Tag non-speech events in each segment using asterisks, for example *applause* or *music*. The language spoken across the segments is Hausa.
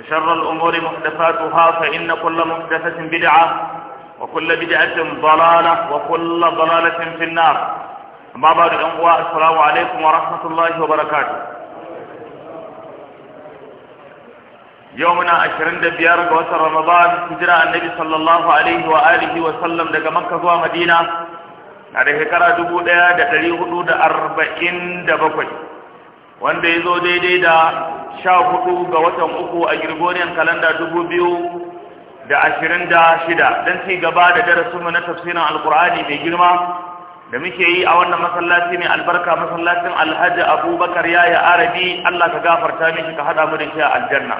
وشر الأمور محدثاتها فإن كل محدثة بدعة وكل بدعة ضلالة وكل ضلالة في النار أما بعد الأنواء السلام عليكم ورحمة الله وبركاته يومنا عشرين دبيار قوات رمضان هجرة النبي صلى الله عليه وآله وسلم لقى مكة ومدينة على هكرا دبو دا دا تليه دا أربعين دبقوي وان دا يزو دي دي دا sha hudu ga watan uku a Gregorian kalanda dubu biyu da ashirin da shida don ci gaba da darasinmu na tafsirin alkur'ani mai girma da muke yi a wannan masallaci mai albarka masallacin alhaji abubakar yaya arabi allah ka gafarta mishi ka haɗa mu da shi a aljanna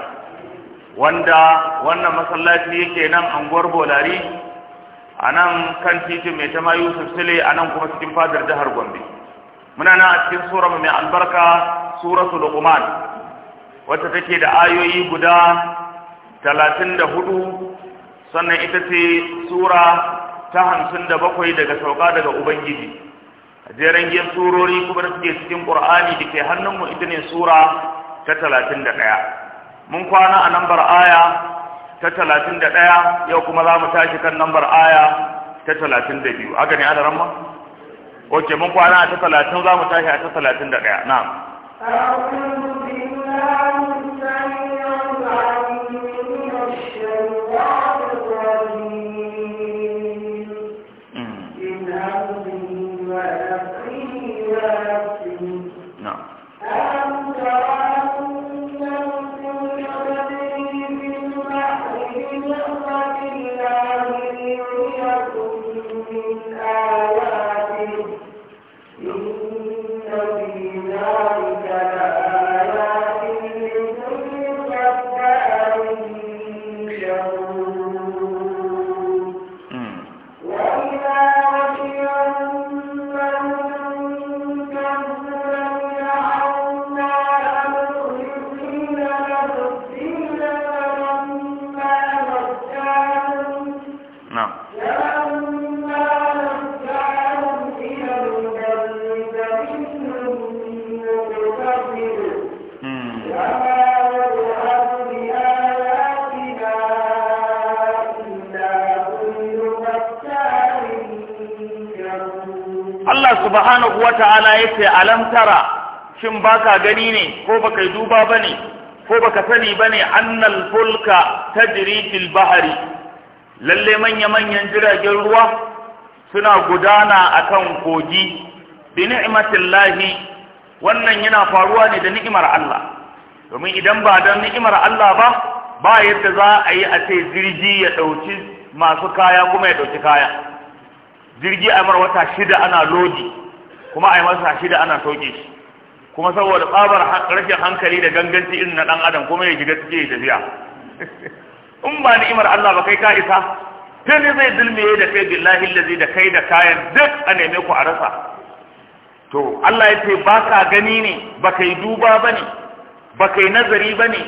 wanda wannan masallaci yake nan anguwar bolari a nan kan titin mai tama yusuf sule a nan kuma cikin fadar jihar gombe muna nan a cikin sura mai albarka suratul luqman wata take da ayoyi guda talatin da hudu sannan ita ce sura ta hamsin da bakwai daga sauka daga ubangiji A jeren giyar surori kuma da suke cikin ƙur'ani da ke hannunmu ita ne sura ta talatin da ɗaya mun kwana a nambar aya ta talatin da ɗaya yau kuma za mu tashi kan nambar aya ta talatin da biyu haka ne adaran ma? ok mun kwana a ta talatin za mu tashi a ta talatin da ɗaya na'am أعوذ بالله السميع العليم من الشيطان subhanahu wata'ala yace alam tara shin baka gani ne ko baka duba bane ko baka sani bane annal fulka tajri fil bahri lalle manya manyan jiragen ruwa suna gudana akan kogi bi ni'matillahi wannan yana faruwa ne da ni'imar Allah domin idan ba dan ni'imar Allah ba ba yadda za a yi a ce jirgi ya dauki masu kaya kuma ya dauki kaya jirgi a mar wata shida ana lodi kuma a yi masa shida ana sauke shi kuma saboda tsabar rashin hankali da ganganci irin na ɗan adam kuma ya shiga cike tafiya *laughs* in ba ni'imar Allah ba kai ka isa sai ne zai dulmiye da kai billahi lazi da kai da kayan duk a neme ku a rasa to Allah ya ce ba ka gani ne ba kai duba ba ne ba kai nazari ba ne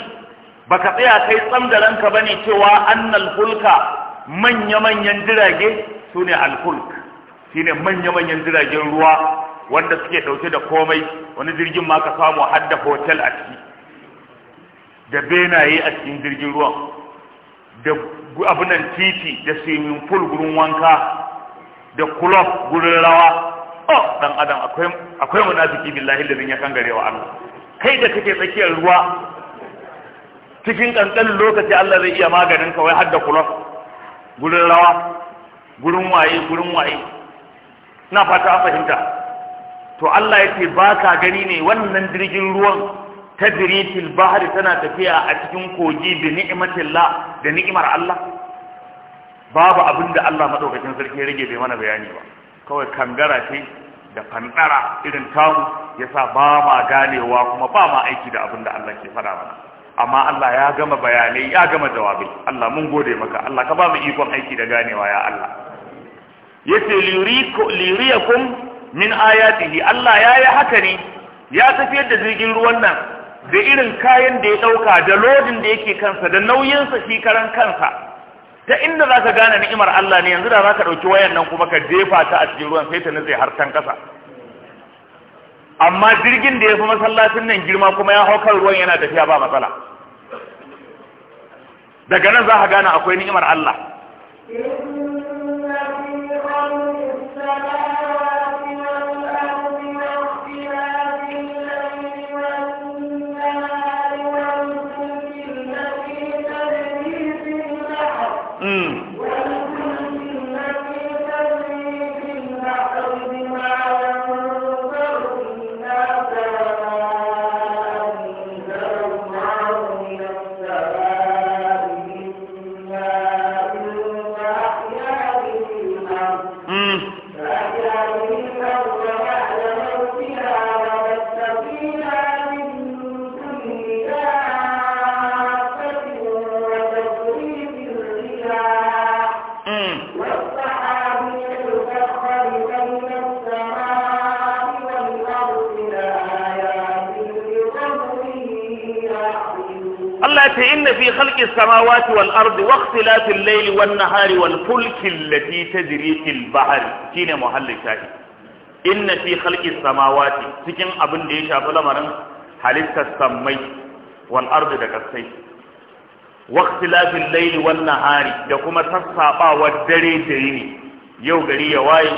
ba ka tsaya kai tsam da ranka ba ne cewa annal hulka manya-manyan jirage su ne alhulk shi ne manya-manyan jiragen ruwa wanda suke dauke da komai wani jirgin ma ka samu har da hotel a ciki da benaye a cikin jirgin ruwan da abinan titi da swimming pool gurin wanka da club gurin rawa oh dan adam akwai akwai munafiki billahi da ya kangarewa Allah kai da kake tsakiyar ruwa cikin kankan lokaci Allah zai iya maganin ka wai hadda club gurin rawa gurin waye gurin waye na fata fahimta to Allah ya ce ba ka gani ne wannan jirgin ruwan ta biritin bahari tana tafiya a cikin kogi ni'imatin la da ni'imar Allah babu abin da Allah madaukakin sarki ya rage bai mana bayani ba kawai kangara ce da fandara irin tamu sa ba ma ganewa kuma ba ma aiki da abin da Allah ke fara mana amma Allah ya gama bayanai ya gama jawabai Allah mun gode maka Allah ka ba mu ikon aiki da ganewa ya Allah yace liriyakum min ayatihi Allah ya yi haka ne ya tafiyar da jirgin ruwan nan da irin kayan da ya ɗauka da lodin da yake kansa da nauyinsa shi karan kansa ta inda za ka gane ni'imar Allah ne yanzu da za ka ɗauki wayan nan kuma ka jefa ta a cikin ruwan sai ta nutse har can kasa amma jirgin da ya fi masallacin nan girma kuma ya hau kan ruwan yana tafiya ba matsala daga nan za ka gane akwai ni'imar Allah خلق السماوات والأرض واختلاف الليل والنهار والفلك التي تجري في البحر شين محل شاهد إن في خلق السماوات سكن أبن ديشا فلمرن حلقت السمي والأرض دكسي واختلاف الليل والنهار دكما تسابا والدري دريني يو غري يواي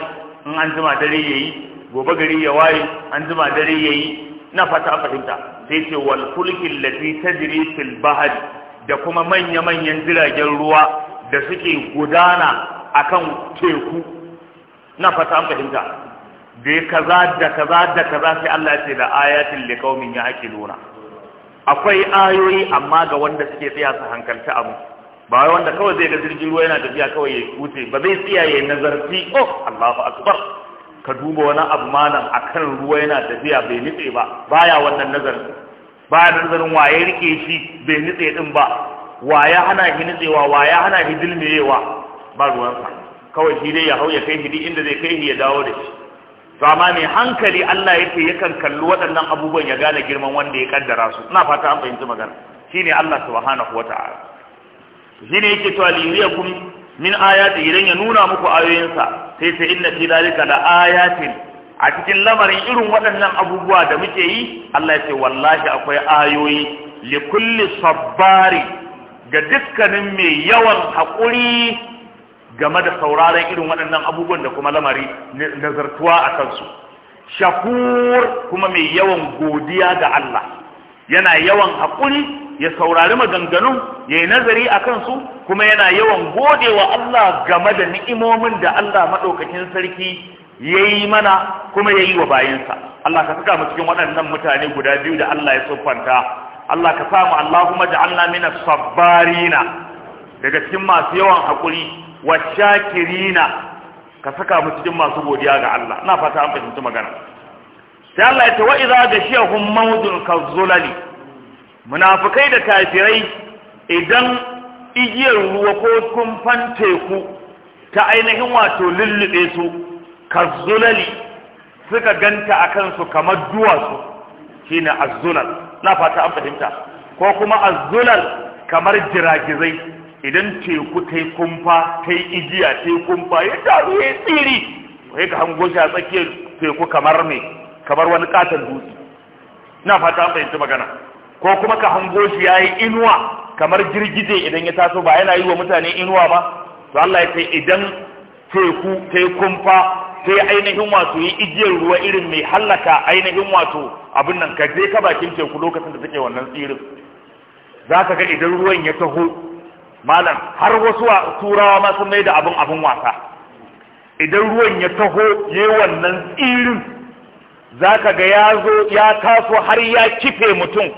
أنزما دري يي gobe gari ya waye an jima dare yayi na fata fahimta sai ce wal fulki allati tajri fil bahri da kuma manya-manyan jiragen ruwa da suke gudana akan teku na fata an fahimta da kaza da kaza da kaza sai Allah ya ce da ayatin liqaumin nuna. akwai ayoyi amma ga wanda suke tsaya su hankalta abu ba wai wanda kawai zai ga jirgin ruwa yana tafiya kawai ya wuce ba zai tsaya ya nazarci oh Allahu akbar ka duba wani abu malam akan ruwa yana tafiya bai nitse ba baya wannan nazarin ba da nazarin waye rike shi bai nitse din ba Waye hana shi nitsewa waya hana shi dilmiyewa ba ruwansa kawai shi dai ya hau ya kai shi inda zai kai shi ya dawo da shi to amma mai hankali Allah yake yakan kalli waɗannan abubuwan ya gane girman wanda ya kaddara su ina fata an fahimci magana shine Allah subhanahu wata'ala shine yake to aliyakum min ayati idan ya nuna muku ayoyinsa sai sai inna fi dalika la ayatin a cikin lamarin irin waɗannan abubuwa da muke yi Allah ya ce wallahi akwai ayoyi li kulli sabbari ga dukkanin mai yawan haƙuri game da sauraron irin waɗannan abubuwan da kuma lamari nazartuwa a kansu shakur kuma mai yawan godiya ga Allah yana yawan haƙuri ya saurari maganganun ya yi nazari a kansu kuma yana yawan godewa Allah game da ni'imomin da Allah maɗaukakin sarki ya yi mana kuma ya yi wa bayansa Allah ka saka mu cikin waɗannan mutane guda biyu da Allah ya siffanta Allah ka sa mu Allahumma ja'alna mina as-sabbarina daga cikin masu yawan hakuri wa shakirina ka saka mu cikin masu godiya ga Allah ina fata an fahimci magana sai Allah ya ce wa idza gashiyahum mawdun kazzulali munafikai da kafirai idan igiyar ruwa ko kumfan teku ta ainihin wato lulluɓe su kazzulali suka ganta a kansu kamar duwatsu shine azzulal na fata an fahimta ko kuma azzulal kamar jiragizai idan teku ta yi kumfa ta yi igiya ta yi kumfa ya taru ya tsiri sai ka hango shi a tsakiyar teku kamar me kamar wani katon dutse na fata an fahimta magana ko kuma ka hango shi ya yi inuwa kamar girgije idan ya taso ba yana yi wa mutane inuwa ba to Allah ya ce idan teku ta yi kumfa sai ainihin wato yi igiyar ruwa irin mai hallaka ainihin wato abin nan ka je ka bakin teku lokacin da take wannan tsirin za ka ga idan ruwan ya taho malam har wasu turawa ma sun mai da abin abin wasa idan ruwan ya taho ya yi wannan tsirin za ka ga ya zo ya taso har ya kife mutum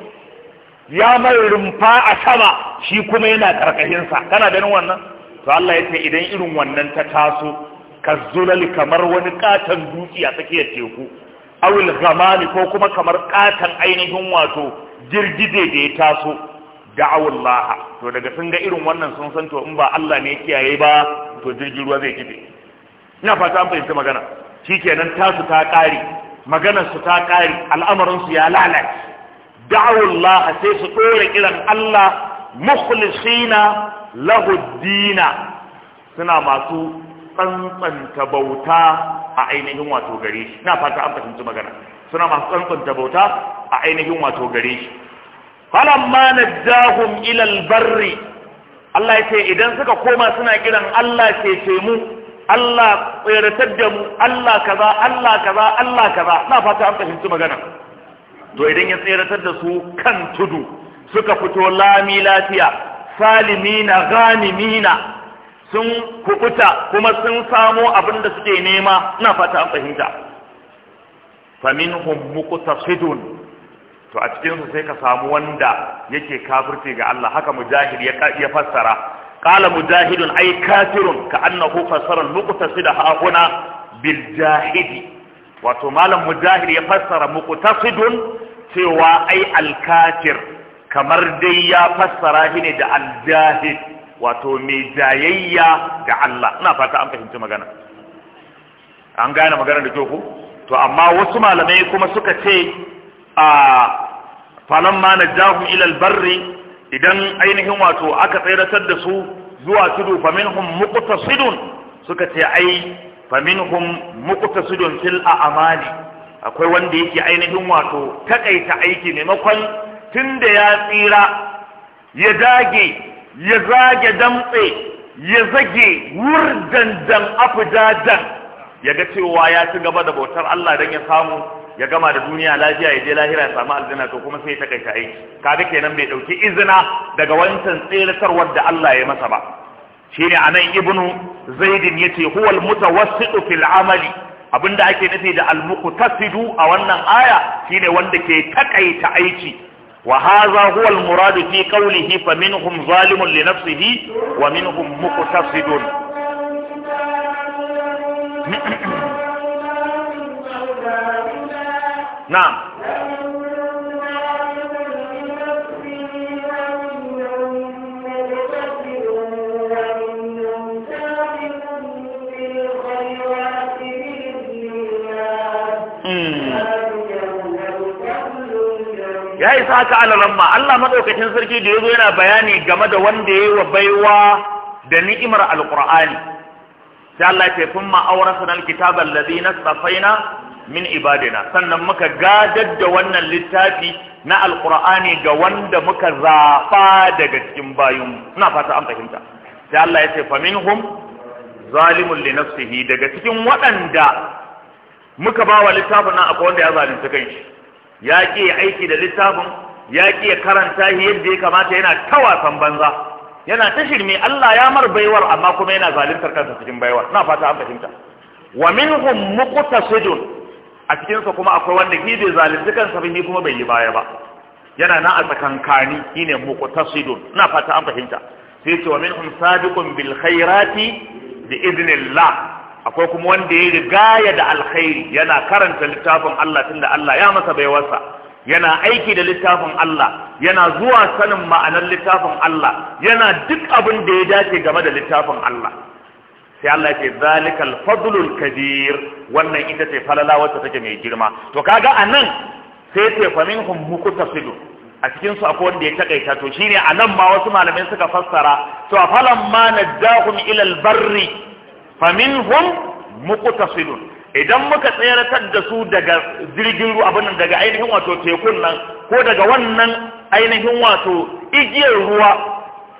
ya mai rumfa a sama shi kuma yana karkashinsa kana ganin wannan to Allah ya ce idan irin wannan ta taso kazzulali kamar wani katon dutse a tsakiyar teku awil zamani ko kuma kamar katon ainihin wato girgide da ya taso da'awullaha to daga sun ga irin wannan sun san to in ba Allah ne kiyaye ba to jirgin ruwa zai kife ina fata an fahimta magana shikenan tasu ta kare maganar su ta kare al'amarin su ya lalace da'awullaha sai su dore kiran Allah mukhlisina lahu dina suna masu tsantsanta bauta a ainihin wato gare shi na fata an fahimci magana suna masu tsantsanta bauta a ainihin wato gare shi falamma najjahum ila albarri Allah yace idan suka koma suna kiran Allah ce mu Allah tsiratar da mu Allah kaza Allah kaza Allah kaza na fata an fahimci magana to idan ya tsiratar da su kan tudu suka fito lami lafiya salimina ghanimina sun kubuta kuma sun samo abin da suke nema na fata an fahimta faminhum muqtasidun to a cikinsu sai ka samu wanda yake kafirce ga Allah haka mujahid ya fassara qala mujahidun ai kafirun ka annahu fassara muqtasida da huna bil jahidi wato malam mujahid ya fassara muqtasidun cewa ai al kafir kamar dai ya fassara shi ne da al jahid wato mai jayayya ga Allah ina fata an fahimci magana an gane magana da kyau to amma wasu malamai kuma suka ce a falon ma najahum ila albarri idan ainihin wato aka tsayratar da su zuwa tudu faminhum muqtasidun suka ce ai faminhum muqtasidun fil a'mali akwai wanda yake ainihin wato takaita aiki maimakon tunda ya tsira ya dage ya zage damtse ya zage wurdan dan afidadan ya ga cewa ya ci gaba da bautar Allah dan ya samu ya gama da duniya lafiya ya je lahira ya samu aljanna to kuma sai ya takaita aiki kaga kenan bai dauki izina daga wancan tsirarwar da Allah ya masa ba shine anan ibnu zaidin yace huwa almutawassitu fil amali abinda ake nufi da almuqtasidu a wannan aya shine wanda ke takaita aiki وهذا هو المراد في قوله فمنهم ظالم لنفسه ومنهم مقتصد *coughs* نعم ya isa haka alaramma Allah madaukakin sarki da yazo yana bayani game da wanda ya yi wa baiwa da ni'imar alqur'ani sai Allah ya kun ma awrasna alkitaba alladhina safaina min ibadina sannan muka gadar da wannan littafi na alqur'ani ga wanda muka zaɓa daga cikin bayun ina fata an fahimta sai Allah ya ce faminhum zalimun li nafsihi daga cikin waɗanda muka ba wa littafin nan akwai wanda ya zalunci kanshi ya ki aiki da littafin ya ki karanta shi yadda ya kamata yana ta wasan banza yana ta shirme Allah ya mar baiwar amma kuma yana zaluntar kansa cikin baiwar na fata an fahimta wa minhum muqtasidun a cikin sa kuma akwai wanda shi bai zalunci kansa ba kuma bai yi baya ba yana nan a tsakankani shine muqtasidun na fata an fahimta sai ce wa minhum sabiqun bil khairati bi idnillah akwai kuma wanda ya rigaya da alkhairi yana karanta littafin Allah tunda Allah ya masa baiwarsa yana aiki da littafin Allah yana zuwa sanin ma'anar littafin Allah yana duk abin da ya dace game da littafin Allah sai Allah ya ce zalikal fadlul kabir wannan ita ce falala wacce take mai girma to kaga anan sai ce fa minhum muqtasidun a cikin su akwai wanda ya takaita to shine anan ma wasu malamai suka fassara to falan ma najahum ila albarri faminhum muqtasidun idan muka tsayartar da su daga jirgin ruwa abin daga ainihin wato tekun nan ko daga wannan ainihin wato igiyar ruwa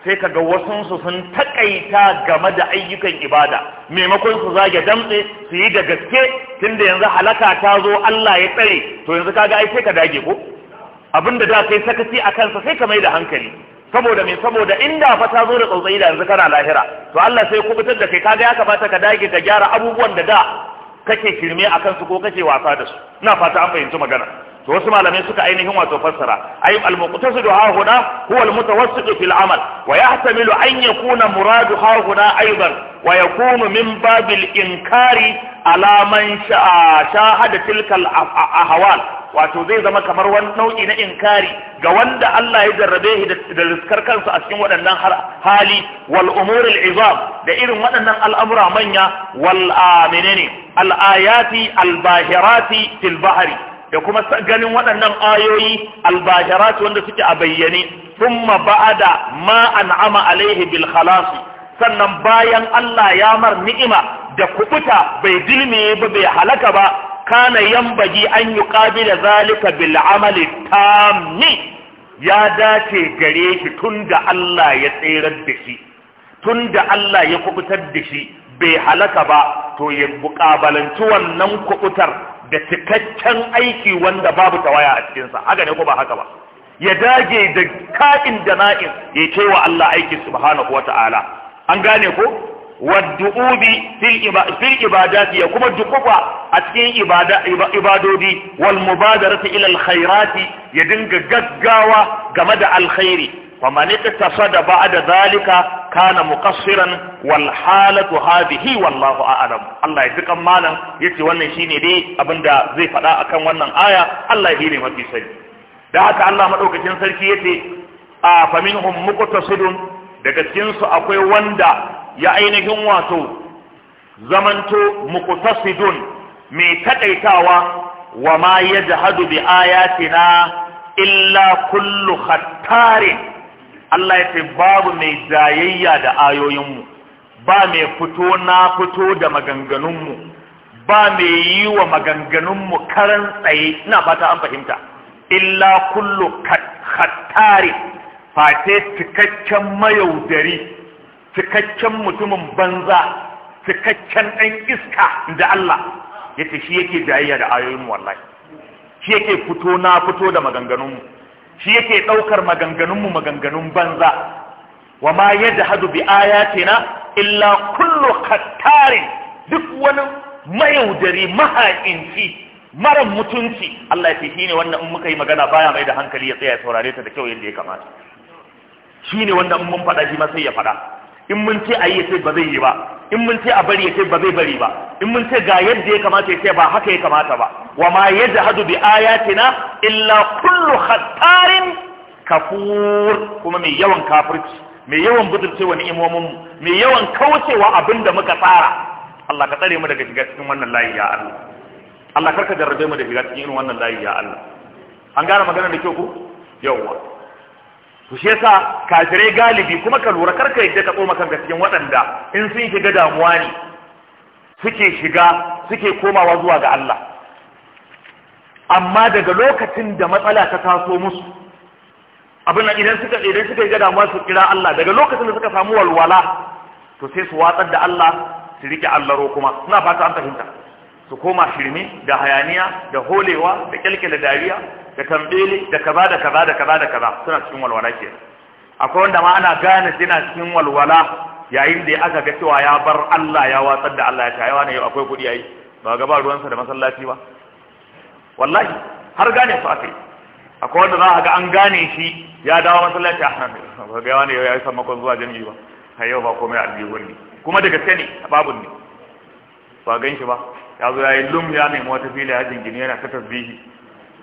sai kaga su sun takaita game da ayyukan ibada maimakon su zage damtse su yi da gaske tunda yanzu halaka ta zo Allah ya tsare to yanzu kaga ai sai ka dage ko abinda da kai sakaci a kansa sai ka mai da hankali saboda me saboda inda fa ta zo da tsautsayi da yanzu kana lahira to Allah sai kubutar da kai kaga ya kamata ka dage ka gyara abubuwan da da kake shirme akan su ko kake wasa da su ina fata an fahimci magana to wasu malamai suka ainihin wato fassara ay al muqtasidu ha huna huwa al mutawassitu fil amal wa yahtamilu an yakuna muradu ha huna aidan wa yakunu min babil inkari ala man shahada tilkal ah-, ah-, ahwal wato zai zama kamar wani nau'i na inkari ga wanda Allah ya jarrabe shi da riskar kansa a cikin waɗannan hali wal umuril izam da irin waɗannan al'amura manya wal aminani ah, al ayati al bahirati fil bahri da kuma ganin waɗannan ayoyi albasharat wanda suke a bayyane thumma ba'ada ma an'ama alaihi bil khalas sannan bayan Allah ya mar ni'ima da kubuta bai dilme ba bai halaka ba kana yambaji an yuqabila zalika bil amali tammi ya dace gare shi tunda Allah ya tsirar da shi tunda Allah ya kubutar da shi bai halaka ba to ya buƙabalanci wannan kuɓutar da cikakken aiki wanda babu tawaya a cikinsa haka ne ko ba haka ba ya dage da ka'in da na'in ya ce wa Allah aiki subhanahu wa ta'ala an gane ko waddu'ubi fil ibadati ya kuma dukufa a cikin ibadodi wal mubadarati ila alkhairati ya dinga gaggawa game da alkhairi fa man ittasa da ba'da zalika kana muqassiran wal halatu hadhihi wallahu a'lam Allah ya dukan malam yace wannan shine dai abinda zai fada akan wannan aya Allah ya hire mafi sani da haka Allah madaukakin sarki yace a faminhum muqtasidun daga cikin su akwai wanda ya ainihin wato zamanto muqtasidun mai takaitawa wa ma yajhadu bi ayatina illa kullu khattarin Allah ya ce babu mai zayayya da ayoyinmu ba mai fito na fito da maganganunmu ba mai yi wa maganganunmu karan tsaye ina fata an fahimta illa kullu khattari fate cikakken mayaudari cikakken mutumin banza cikakken ɗan iska da Allah yace shi yake jayayya da ayoyinmu wallahi shi yake fito na fito da maganganunmu shi yake ɗaukar maganganunmu maganganun banza wa ma yajhadu bi ayatina illa kullu qattarin duk wani mayaudari mahaƙinci mara mutunci Allah ya ce ne wannan in muka yi magana baya mai da hankali ya tsaya ya saurare ta da kyau yadda ya kamata Shi ne in mun faɗa shi ma sai ya faɗa in mun ce a yi sai ba zai yi ba in mun ce a bari ya ce ba zai bari ba in mun ce ga yadda ya kamata ya ce ba haka ya kamata ba wa ma yadda hadu bi ayatina illa kullu khattarin kafur kuma mai yawan kafirci mai yawan wani ni'imomin mu mai yawan kaucewa abin da muka tsara Allah ka tsare mu daga shiga cikin wannan layi ya Allah Allah karka jarrabe mu da shiga cikin wannan layi ya Allah an gane magana da kyau ku yawwa su shi yasa kafirai galibi kuma ka lura karka yadda ka tsoma kanka cikin waɗanda in sun shiga damuwa ne suke shiga suke komawa zuwa ga Allah amma daga lokacin da matsala ta taso musu abin nan idan suka idan suka yi damuwa su kira Allah daga lokacin da suka samu walwala to sai su watsar da Allah su rike Allah kuma suna fata an fahimta su koma shirme da hayaniya da holewa da kyalkyala dariya da tambele da kaza da kaza da kaza da kaza suna cikin walwala ke akwai wanda ma ana gane suna cikin walwala yayin da aka ga cewa ya bar Allah ya watsar da Allah ya yawa ne akwai kudi ai ba ga ba ruwansa da masallaci ba wallahi har gane su akai akwai wanda za a ga an gane shi ya dawo masallaci a ah, ba ga wani ya yi sammakon zuwa jami'i ba hayo yau ba komai aljihun kuma da gaske ne babun ne ba gan shi ba ya zo ya yi lum ya nemi wata fili ya jingine yana ta tasbihi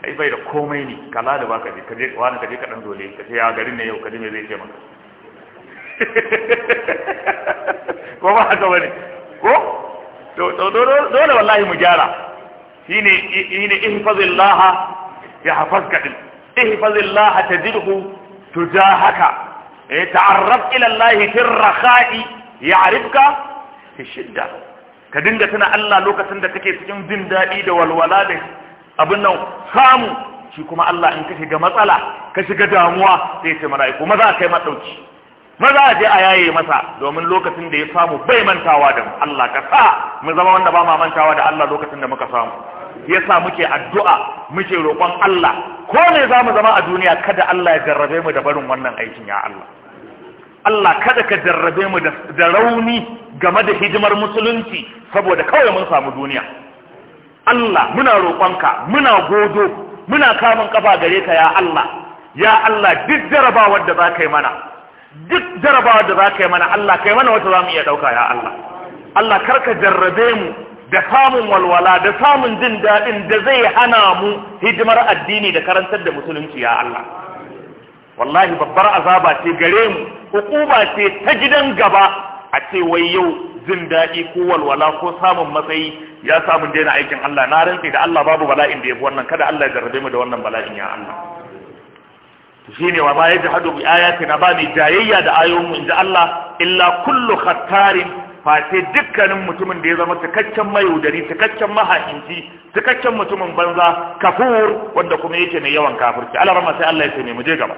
ai bai da komai ne kala da baka je kaje wani kaje ka dan zole ka ce ya garin ne yau kaje me zai ce maka *laughs* ko ba haka bane ko to to dole wallahi mu gyara shine shine ihfazillah yahfazka din ihfazillah tajidhu tujahaka eh, ta'arraf ila Allah fi ar-rakha'i ya'rifka fi shiddah ka dinga tuna Allah lokacin da kake cikin jin daɗi da walwala da abin nan samu shi kuma Allah in ka shiga matsala ka shiga damuwa sai ce mala'iku maza kai madauki maza je a yaye masa domin lokacin da ya samu bai mantawa da mu Allah ka sa mu zama wanda ba ma mantawa da Allah lokacin da muka samu yasa muke addu'a muke roƙon Allah ko ne za mu zama a duniya kada Allah ya jarrabe mu da barin wannan aikin ya Allah Allah kada ka jarrabe mu da rauni game da hidimar musulunci saboda kawai mun samu duniya Allah muna roƙonka muna godo muna kamun kafa gare ka ya Allah ya Allah duk jarabawar da za ka yi mana duk jarabawar da za ka yi mana Allah kai mana wata za mu iya ɗauka ya Allah Allah kar ka jarrabe mu da samun walwala da samun jin daɗin da zai hana mu hidimar addini da karantar da musulunci ya Allah wallahi babbar azaba ce gare mu hukuma ce ta gidan gaba a ce wai yau jin daɗi ko walwala ko samun matsayi ya samun daina aikin Allah na rantsi da Allah babu bala'in da fi wannan kada Allah ya jarrabe mu da wannan bala'in ya Allah shine wa ma yajhadu bi ayatina ba bani jayayya da ayoyin mu inda Allah illa kullu khattarin face dukkanin mutumin da ya zama cikakken mayaudari cikakken mahaifinci cikakken mutumin banza kafur wanda kuma yake mai yawan kafirci Allah rama sai Allah ya ce mu je gaba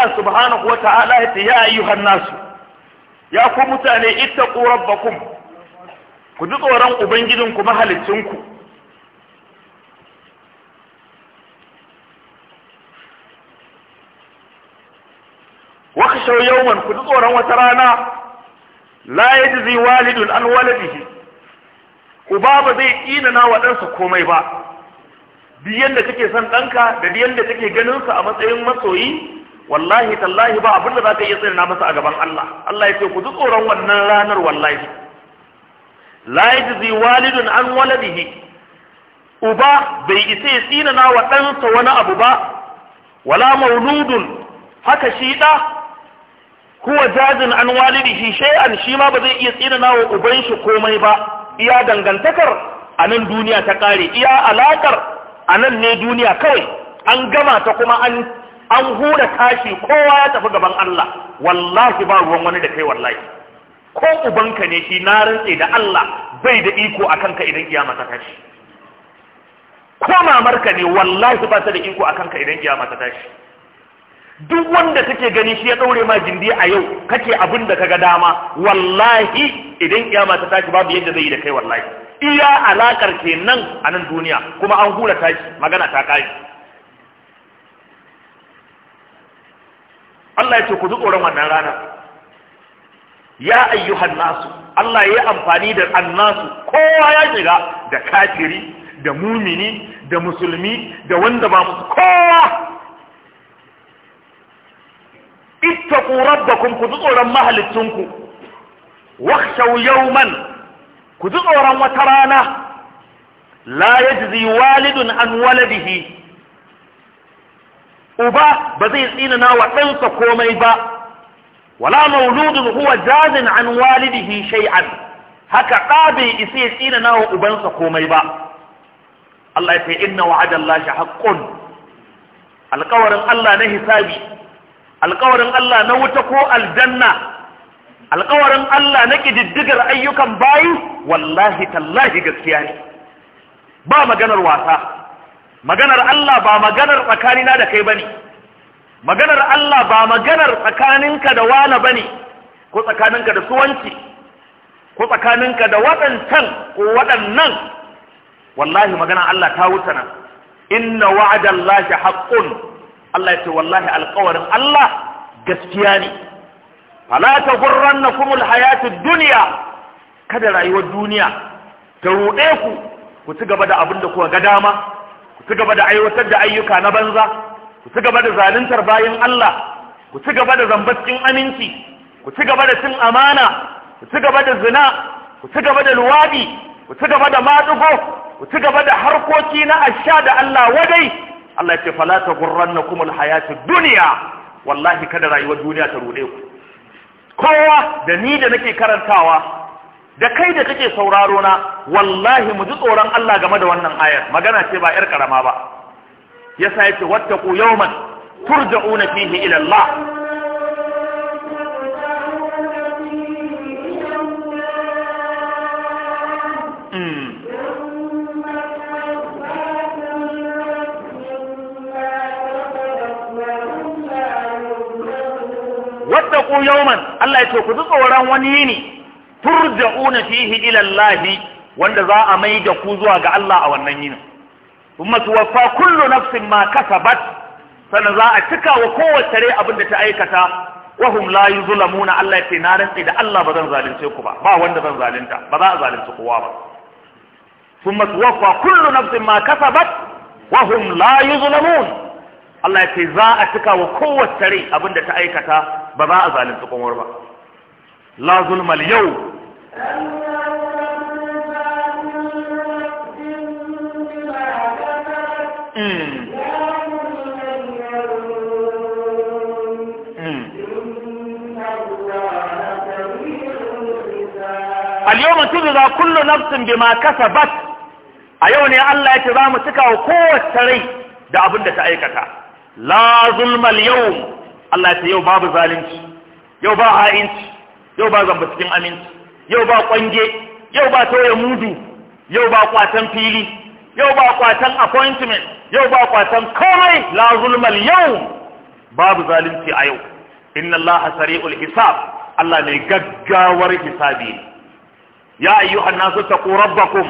Allah subhanahu wa ta'ala ya ce ya ayyuhan nasu ya ku mutane ittaqu rabbakum ku ji tsoron ubangijinku mahalicinku wakhshaw yawman ku ji tsoron wata rana la yajzi walidun an waladihi uba ba zai ƙina na ɗansa komai ba duk da kake son ɗanka da duk da kake ganin sa a matsayin masoyi wallahi tallahi ba abin da za ka iya tsirna masa a gaban Allah Allah ya ce ku ji tsoron wannan ranar wallahi la yajzi walidun an waladihi uba bai isa ya tsinana wa ɗansa wani abu ba wala mauludun haka shi ɗa huwa jazin an walidihi shay'an shi ma ba zai iya tsinana wa uban shi komai ba iya dangantakar a nan duniya ta kare iya alakar a nan ne duniya kawai an gama ta kuma an an hura tashi kowa ya tafi gaban Allah wallahi ba ruwan wani da kai wallahi ko ubanka ne shi na rantse da Allah bai da iko a kanka idan kiyama ta tashi ko mamarka ne wallahi ba ta da iko a kanka idan kiyama ta tashi duk wanda take gani shi ya daure ma jindi a yau kake abin da kaga dama wallahi idan kiyama ta tashi babu yadda zai yi da kai wallahi iya alakar kenan a nan duniya kuma an hura tashi magana ta kai Allah ya ce ku tsoron wannan rana ya ayyuhan nasu Allah ya yi amfani da annasu kowa ya shiga da kafiri da mumini da musulmi da wanda ba musu kowa ittaqu rabbakum ku tsoron mahalicinku wakhshaw yawman ku tsoron wata rana la yajzi walidun an waladihi uba ba zai tsinana wa ɗansa komai ba wala mauludun huwa jazin an walidihi shay'an haka ɗa bai isa ya tsinana wa ubansa komai ba Allah ya ce inna wa'ada Allah haqqun alƙawarin Allah na hisabi alƙawarin Allah na wuta ko aljanna alƙawarin Allah na ƙididdigar ayyukan bayi wallahi tallahi gaskiya ne ba maganar wasa maganar Allah ba maganar tsakanina da kai bane maganar Allah ba maganar tsakaninka da wani bane ko tsakaninka da suwanci ko tsakaninka da waɗancan ko waɗannan wallahi maganar Allah ta wuta nan inna wa'adallahi haqqun Allah yace wallahi alƙawarin Allah gaskiya ne fala taghurrannakum alhayatud dunya kada rayuwar duniya ta ruɗe ku ku ci gaba da abin da kuka ga dama ci gaba da aiwatar da ayyuka na banza ku ci gaba da zaluntar bayan Allah ku ci gaba da zambacin aminci ku ci gaba da cin amana ku ci gaba da zina ku ci gaba da luwadi ku ci gaba da madugo ku ci gaba da harkoki na asha da Allah wadai Allah ya ce fala taghurrannakum alhayatud dunya wallahi kada rayuwar duniya ta rude ku kowa da ni da nake karantawa da kai da kake sauraro na wallahi mu ji tsoron Allah game da wannan ayar magana ce ba yar karama ba yasa yace wattaqu yawman turja'una fihi ila Allah wattaqu yawman Allah ya ce ku ji tsoron wani yini turja'una fihi ila Allah wanda za a mai da ku zuwa ga Allah a wannan yinin kuma tuwaffa kullu nafsin ma kasabat sannan za a cika wa kowace rai abin da ta aikata wa hum la yuzlamuna Allah ya ce na rantsi da Allah ba zan zalunce ku ba ba wanda zan zalunta ba za a zalunci kowa ba kuma tuwaffa kullu nafsin ma kasabat wa hum la yuzlamun Allah ya ce za a cika wa kowace rai abin da ta aikata ba za a zalunci kowa ba la zulmal yau اليوم تجزى كل نفس بما كسبت ايوني الله يتظام سكا وقوة سري دا ابن دا تأيكتا لا ظلم اليوم الله يتظام باب ظالمش يوبا هاينش يوبا زنبسكين امينش yau ba kwange yau ba toye mudu yau ba kwatan fili yau ba kwatan appointment yau ba kwatan komai la zulmal yau babu zalunci a yau inna allaha sari'ul hisab Allah mai gaggawar hisabi ya ayyuhan nasu taqu rabbakum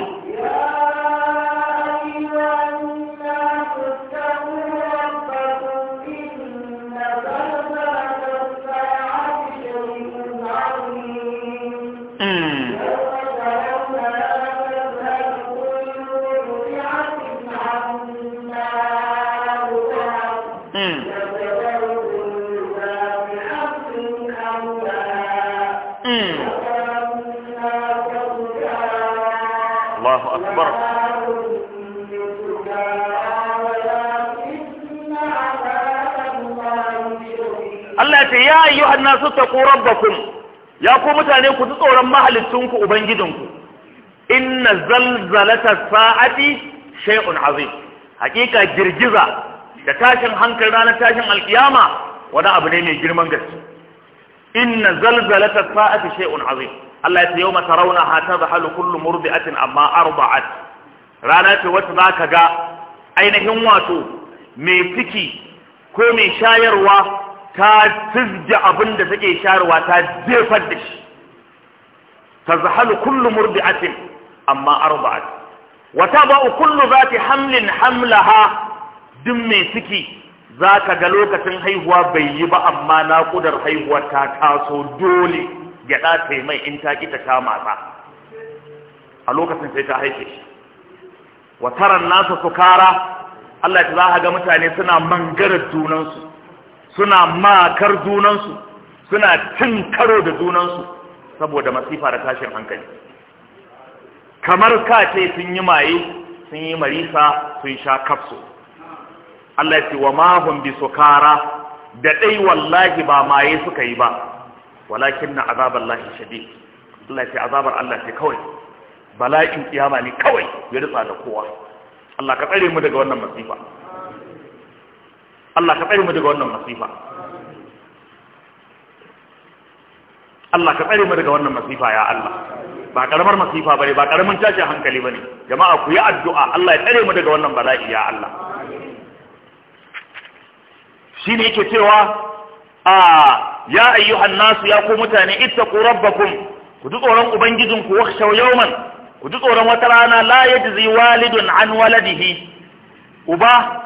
Allahu akbar Allah ce ya ayyuhan nasu taqu rabbakum ya ku mutane ku ji tsoron mahalittinku ubangijinku inna zalzalata sa'adi shay'un azim hakika girgiza da tashin hankali ranar tashin alƙiyama wani abu ne mai girman gaske inna zalzalata sa'adi shay'un azim Allah ya ce yau mata rauna hata da halu kullu atin, amma arba'at rana ce wata za ka ga ainihin wato mai ciki ko mai shayarwa ta tizge abin da take shayarwa ta jefar da shi ta zahalu kullu atin, amma arba'at wata ba'u kullu zati hamlin hamlaha duk mai ciki za ka ga lokacin haihuwa bai yi ba amma naƙudar haihuwa ta taso dole gyaɗa ta mai in ta ki ta sha matsa a lokacin sai ta haife shi wa taran su sukara Allah ta za ga mutane suna mangarar junansu suna makar junansu suna cin karo da junansu saboda masifa da tashin hankali kamar ka sun yi maye sun yi marisa sun sha kafso Allah ya ce wa mahun bi sukara da ɗai wallahi ba maye suka yi ba walakin na azabar lahi shadi Allah ce azabar Allah ce kawai bala'in kiyama ne kawai ya ritsa da kowa Allah ka tsare mu daga wannan masifa Allah ka tsare mu daga wannan masifa Allah ka tsare mu daga wannan masifa ya Allah ba karamar masifa bane ba karamin tashin hankali bane jama'a ku yi addu'a Allah ya tsare mu daga wannan bala'i ya Allah shine yake cewa a ya ayyuhan nasu ya ku mutane ittaqu rabbakum ku ji tsoron ku wakhshaw yawman ku ji tsoron wata rana la yajzi walidun an waladihi uba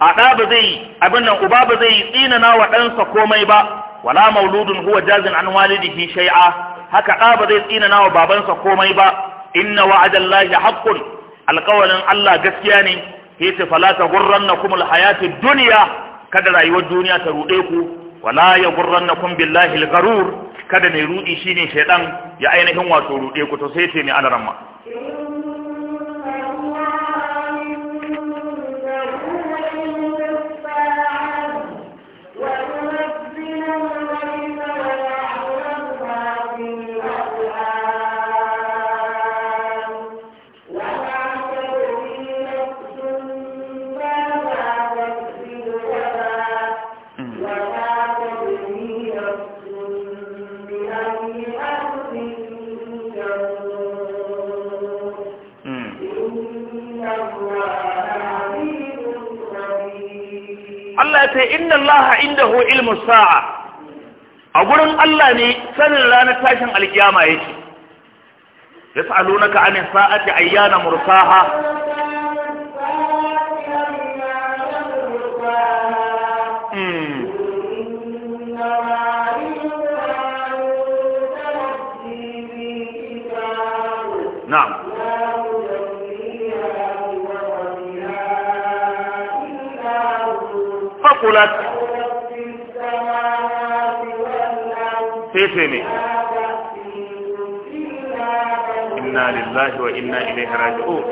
a ɗa ba zai abin nan uba ba zai tsinana wa ɗansa komai ba wala mauludun huwa jazin an walidihi shay'a haka ɗa ba zai tsinana wa babansa komai ba inna wa'adallahi haqqun alƙawarin Allah gaskiya ne yace fala ta kumul alhayatid dunya kada rayuwar duniya ta ruɗe ku wala yaghurrannakum billahi al-gharur kada ne rudi shine shaidan, ya ainihin wato rude ku to sai ce ne alaramma ce inna inda indahu ilmu sa'a a gurin Allah ne sanin ranar tashin alkiyama yake yas'alunaka an sa'ati ayyana mursaha ثقلت في سمي إنا لله وإنا إليه راجعون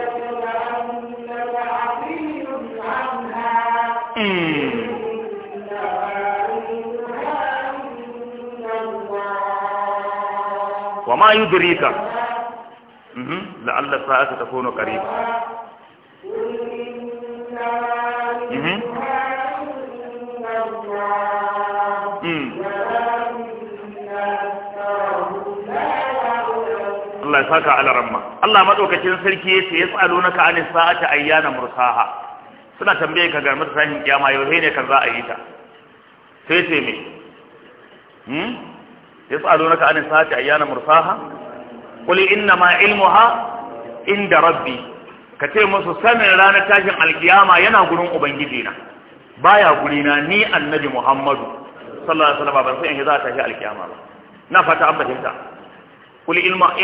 وما يدريك لعل الساعة تكون قريبا Allah ya saka ala ramma Allah madaukakin sarki yace yasalunaka anis sa'ati ayyana mursaha suna tambaye ka ga mursahin kiyama yau ne kan za a yi ta sai ce me hmm yasalunaka anis sa'ati ayyana mursaha qul inna ma ilmuha inda rabbi ka ce musu sanin ranar tashin alkiyama yana gurin ubangiji na baya gurina ni annabi muhammadu sallallahu alaihi wasallam ban san yanzu za ta tashi alkiyama ba na fata an ta. kul ilma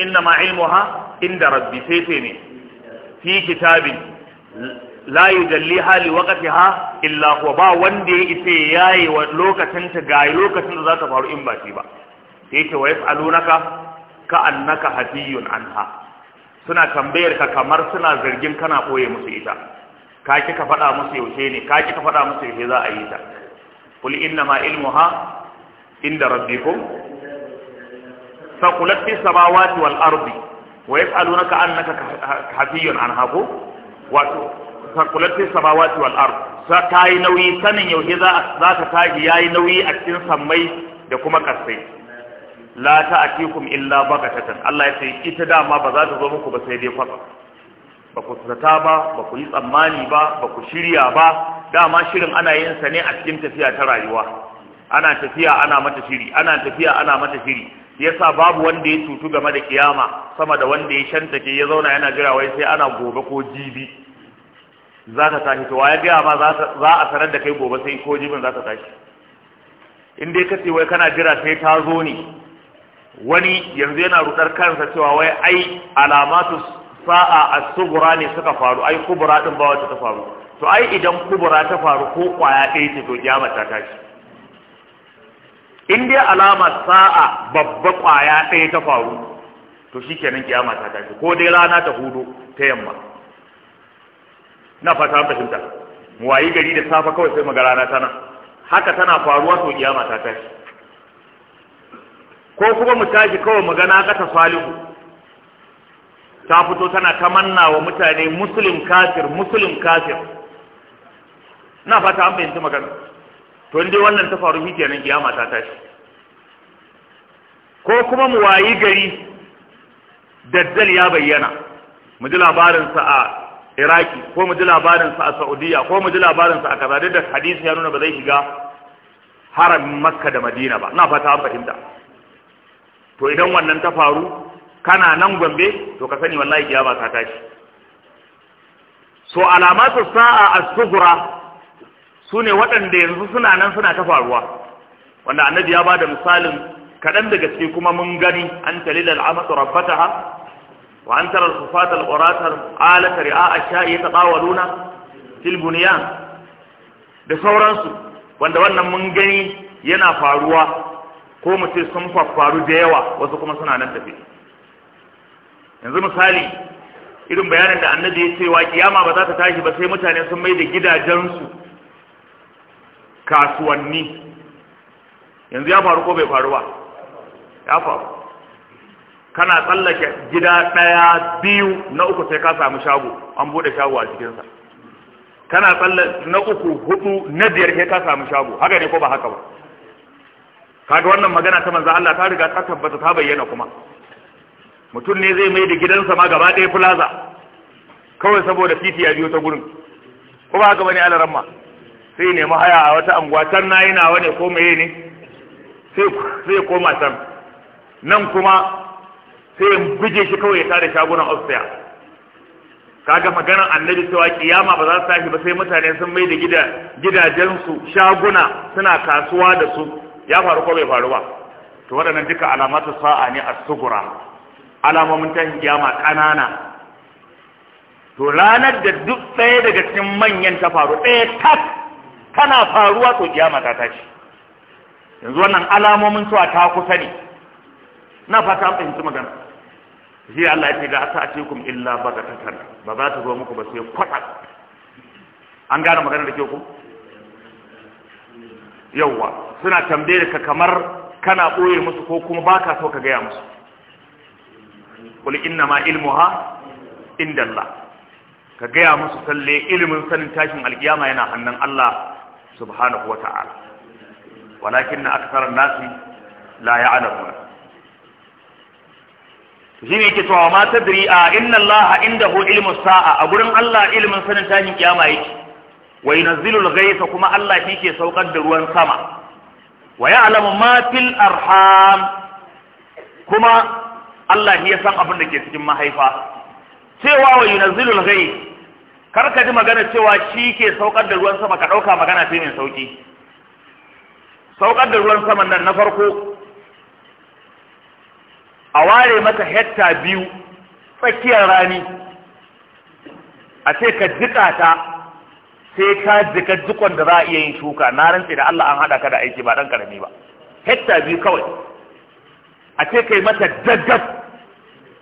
inna ma ilmuha inda rabbi sai ne fi kitabin la yujalliha li waqtiha illa huwa ba wanda ya isa ya wa lokacin ta ga lokacin da za faru in ba shi ba sai ce wa yas'alunaka ka annaka hadiyun anha suna tambayar kamar suna zargin kana koye musu ita ka faɗa musu yaushe ne ka faɗa musu yaushe za a yi ta kul inna ma saqulat fis samawati wal ardi wa yas'alunaka annaka hafiyun an hako wato saqulat fis samawati wal ardi sa tayi nauyi sanin yaushe za za ta tashi yayi nauyi a cikin sammai da kuma kasai la ta'atikum illa bagatatan Allah ya ce ita dama ba za ta zo muku ba sai dai kwatsa ba ku tsata ba ba ku yi tsammani ba ba ku shirya ba dama shirin ana yin sa ne a cikin tafiya ta rayuwa ana tafiya ana mata shiri ana tafiya ana mata shiri yasa babu wanda ya cutu game da kiyama sama da wanda ya shantake ya zauna yana jira wai sai ana gobe ko jibi za ta tashi to ya gaya ma za a sanar da kai gobe sai ko jibin za ta tashi in dai kace wai kana jira sai ta zo ne wani yanzu yana rudar kansa cewa wai ai alamatu sa'a a sughra ne suka faru ai kubra din ba wata ta faru to ai idan kubra ta faru ko kwaya ɗaya ce to kiyama ta tashi in dai alama sa'a babba kwaya ɗaya ta faru to shi kenan kiyama ta tashi ko dai rana ta hudu ta yamma na fata fahimta mu wayi gari da safa kawai sai mu ga rana tana haka tana faruwa to kiyama ta tashi ko kuma mu tashi kawai mu ga na kata salihu ta fito tana tamanna wa mutane muslim kafir muslim kafir na fata an fahimci magana to dai wannan ta faru shikenan kiyama ta tashi ko kuma mu wayi gari daddal ya bayyana mu ji labarinsa a iraki ko mu ji labarinsa a saudiya ko mu ji labarinsa a kaza da hadisi ya nuna ba zai shiga haram, makka da madina ba na fata an fahimta to idan wannan ta faru kana nan gombe to ka sani wallahi kiyama ta tashi so alamatu sa'a as-sughra su ne waɗanda yanzu suna nan suna ta faruwa wanda annabi ya ba da misalin kaɗan daga cikin kuma mun gani an talilal amatu rabbataha wa an tarar sufat al-quratar alata ri'a ashai yataqawaluna fil bunyan da sauransu wanda wannan mun gani yana faruwa ko mu ce sun faru da yawa wasu kuma suna nan tafi yanzu misali irin bayanin da annabi ya ce wa kiyama ba za ta tashi ba sai mutane sun mai da gidajensu kasuwanni yanzu ya faru ko bai faru ba ya faru kana tsallake gida ɗaya biyu na uku sai ka samu shago an buɗe shago a cikinsa kana tsallake na uku hudu na biyar sai ka samu shago haka ne ko ba haka ba kaga wannan magana ta manzo Allah ta riga ta tabbata ta bayyana kuma mutum ne zai mai da gidansa ma gaba ɗaya plaza kawai saboda titi ya biyo ta gurin ko ba haka bane alaramma sai nemi haya a wata anguwa can na yi nawa ne ko meye ne sai koma can nan kuma sai in buje shi kawai ya tare shagunan upstairs kaga maganar annabi cewa kiyama ba za su tashi ba sai mutane sun mai da gidajensu shaguna suna kasuwa da su ya faru ko bai faru ba to waɗannan duka alamatu sa'a ne a sugura alamomin ta kiyama ƙanana to ranar da duk ɗaya daga cikin manyan ta faru ɗaya tak tana faruwa to kiyama ta tashi yanzu wannan alamomin cewa ta kusa ne na fata an fahimci magana shi Allah ya ce da asa atikum illa bagatatan ba za ta zo muku ba sai kwata an gane magana da ke ku yawwa suna tambayar ka kamar kana boye musu ko kuma baka so ka gaya musu kul inna ma ilmuha indallah ka gaya musu talle ilimin sanin tashin alkiyama yana hannun Allah subhanahu wa ta'ala walakin na aksarar nasi la ya alamu shi ne yake cewa mata tadri a inna Allah hu ilmu sa'a a gurin Allah ilmin sanin tashin kiyama yake wa yunzilu al-ghaytha kuma Allah shi ke saukar da ruwan sama wa ya'lamu ma fil arham kuma Allah shi ya san abin da ke cikin mahaifa cewa wa yunzilu al-ghayth kar ka ji magana cewa shi ke saukar da ruwan sama ka ɗauka magana ce mai sauki saukar da ruwan sama nan na farko a ware mata hekta biyu tsakiyar rani a ce ka jika ta sai ka jika jikon da za a iya yin shuka na rantse da Allah an haɗa ka da aiki ba ɗan ƙarami ba hekta biyu kawai a ce ka yi mata dagab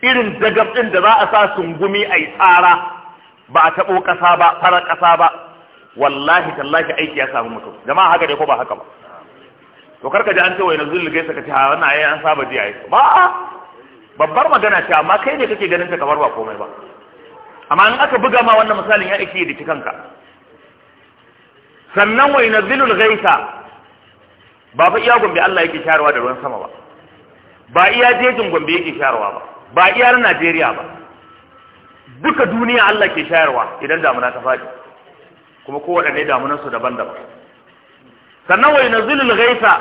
irin dagab ɗin da za a sa sungumi a yi tsara ba a taɓo ƙasa ba farar ƙasa ba wallahi tallahi aiki ya samu mutum jama'a haka dai ko ba haka ba to karka ji an ce wai na Gaisa, saka ce ha wannan ayi an saba ji ayi ba babbar magana ce amma kai ne kake ganin ta kamar ba komai ba amma in aka buga ma wannan misalin ya aiki da kanka sannan wai Zulul Gaisa ba fa iya gombe Allah yake sharuwa da ruwan sama ba ba iya jejin gombe yake sharuwa ba ba iya Najeriya ba duka duniya Allah ke shayarwa idan damuna ta faɗi kuma ne damunansu daban-daban sannan wai nazilul gaisa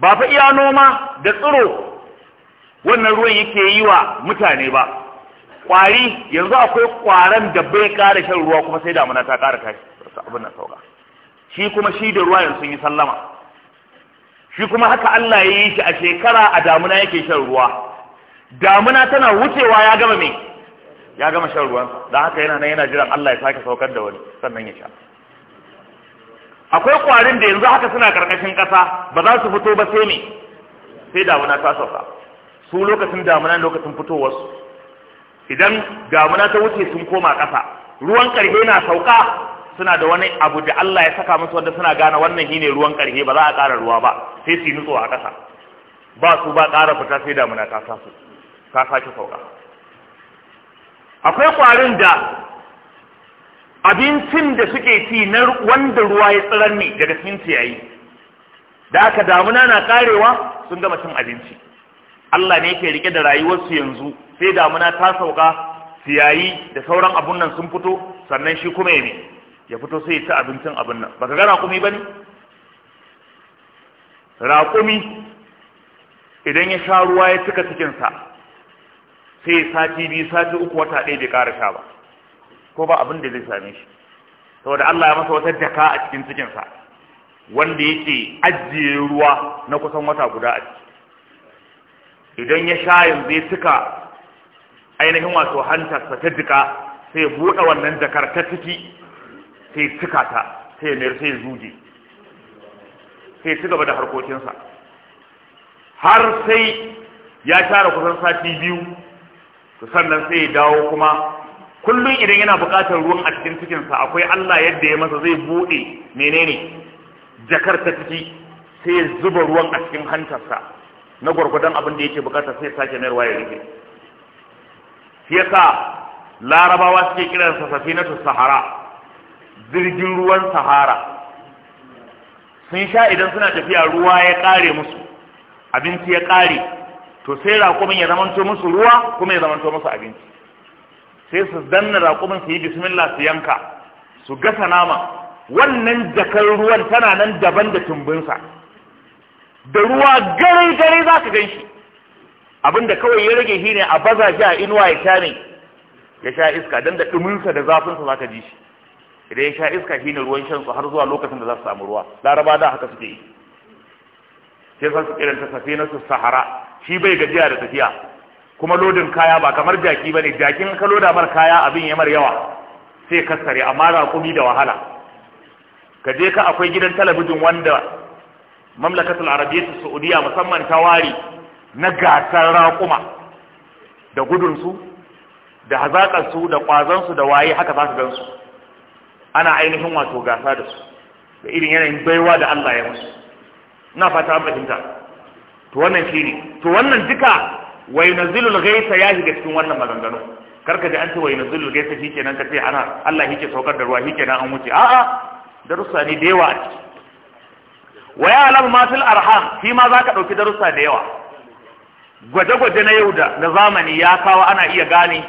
ba fa iya noma da tsiro wannan ruwan yake yi wa mutane ba Ƙwari, yanzu akwai ƙwaron da bai ƙara shan ruwa kuma sai damuna ta ƙara tashi abin nan sauka shi kuma shi da ruwa yanzu sun yi sallama shi kuma haka Allah ya yi shi a shekara a damuna yake shan ruwa damuna tana wucewa ya gama mai ya gama shan ruwan da haka yana nan yana jiran Allah ya sake saukar da wani sannan ya sha akwai kwarin da yanzu haka suna karkashin ƙasa ba za su fito ba sai ne sai damuna ta sauka su lokacin damuna lokacin fitowarsu idan damuna ta wuce sun koma ƙasa ruwan karhe na sauka suna da wani abu da Allah ya saka musu wanda suna gane wannan shine ruwan karhe ba za a ƙara ruwa ba sai su yi nutsuwa a ƙasa ba su ba ƙara fita sai damuna ta sa su ta sake sauka akwai ƙwarin da abincin da suke ci na wanda ruwa ya tsirar ne daga cikin ciyayi da aka damuna na karewa sun gama cin abinci Allah ne yake rike da rayuwarsu yanzu sai damuna ta sauka ciyayi da sauran abun nan sun fito sannan shi kuma ya ya fito sai ya ci abincin abun nan baka ga raƙumi ba ne raƙumi idan ya sha ruwa ya cika cikinsa sai sati biyu sati uku wata ɗaya bai ƙara sha ba ko ba abin da zai same shi saboda Allah ya masa wata jaka a cikin cikinsa wanda yake ajiye ruwa na kusan wata guda a ciki idan ya sha yanzu ya cika ainihin wato hantarsa ta jika sai ya buɗe wannan jakar ta ciki sai ya cika ta sai ya mayar sai ya zuje sai ya ci da harkokinsa har sai ya share kusan sati biyu Su sannan sai ya dawo kuma kullum idan yana buƙatar ruwan a cikin cikinsa akwai Allah yadda ya masa zai buɗe menene jakar ta ciki sai ya zuba ruwan a cikin hantarsa na gwargwadon abin da yake buƙata sai ya sake mayarwa ya rufe shi yasa larabawa suke kiransa safinatu sahara jirgin ruwan sahara sun sha idan suna tafiya ruwa ya ƙare musu abinci ya ƙare to sai raƙumin ya zamanto musu ruwa kuma ya zamanto musu abinci sai su danna raƙumin su yi bismillah su yanka su gasa nama wannan jakar ruwan tana nan daban da tumbinsa da ruwa gare gare za ka gan abinda kawai ya rage shi a baza shi a inuwa ya sha ne ya sha iska don da ɗuminsa da zafinsa za ka ji shi idan ya sha iska shi ne ruwan shansu har zuwa lokacin da za su samu ruwa laraba da haka suke yi sai san su irin ta su sahara shi bai gajiya da tafiya kuma lodin kaya ba kamar jaki bane jakin ka loda mar kaya abin ya mar yawa sai ka sare, amma kumi da wahala ka je ka akwai gidan talabijin wanda mamlakatul arabiyyatu saudiya musamman ta tawari na gasar raƙuma da gudunsu da su da su da waye haka za su su ana ainihin wato gasa da su da irin yanayin baiwa da Allah ya musu ina fata an fahimta to wannan shi ne, to wannan duka wa yunzilul ghaitha ya shiga cikin wannan maganganu karka ji an ce wa Gaisa shi kenan ka ce ana Allah yake saukar da ruwa kenan an wuce a'a darussa ne da yawa wa ya ma fil arham shi ma zaka ɗauki darussa da yawa gwaje-gwaje na yau da na zamani ya kawo ana iya gane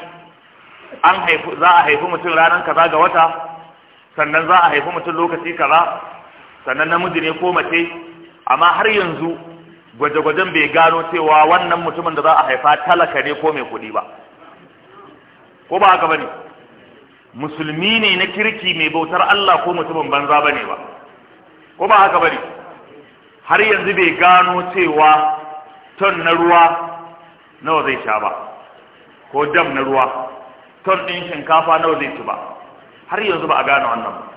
an haifu za a haifi mutum ranar kaza ga wata sannan za a haifi mutum lokaci kaza sannan namiji ne ko mace amma har yanzu gwaje-gwajen bai gano cewa wannan mutumin da za a haifa talaka ne ko mai kuɗi ba ko ba haka bane musulmi ne na kirki mai bautar Allah ko mutumin banza bane ba ko ba haka bane har yanzu bai gano cewa ton na ruwa nawa zai sha ba ko dam na ruwa ton ɗin shinkafa nawa zai ci ba har yanzu ba a gane wannan ba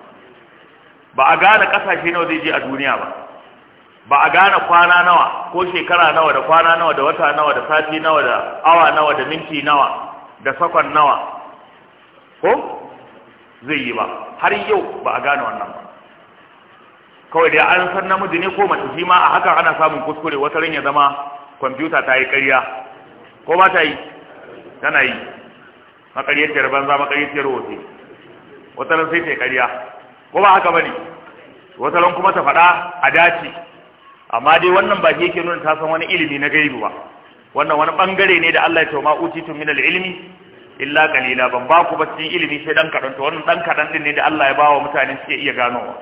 ba a gane ƙasashe nawa zai je a duniya ba ba a gane kwana nawa ko shekara nawa da kwana nawa da wata nawa da sati nawa da awa nawa da minti nawa da sakon nawa ko zai yi ba har yau ba a gane wannan ba kawai dai an san namiji ne ko mace shi ma a hakan ana samun kuskure wata ran ya zama kwamfuta ta yi karya. ko ba ta yi tana yi makaryaciyar banza makaryaciyar wofi wata ran sai ta yi karya. ko ba haka ba ne wata ran kuma ta faɗa a dace amma dai wannan ba yake nuna ta san wani ilimi na gaibu ba wannan wani bangare ne da Allah ya ce ma utitu min ilmi illa qalila ban ba ku ba cikin ilimi sai dan kadan to wannan dan kadan din ne da Allah ya bawa mutane suke iya ganowa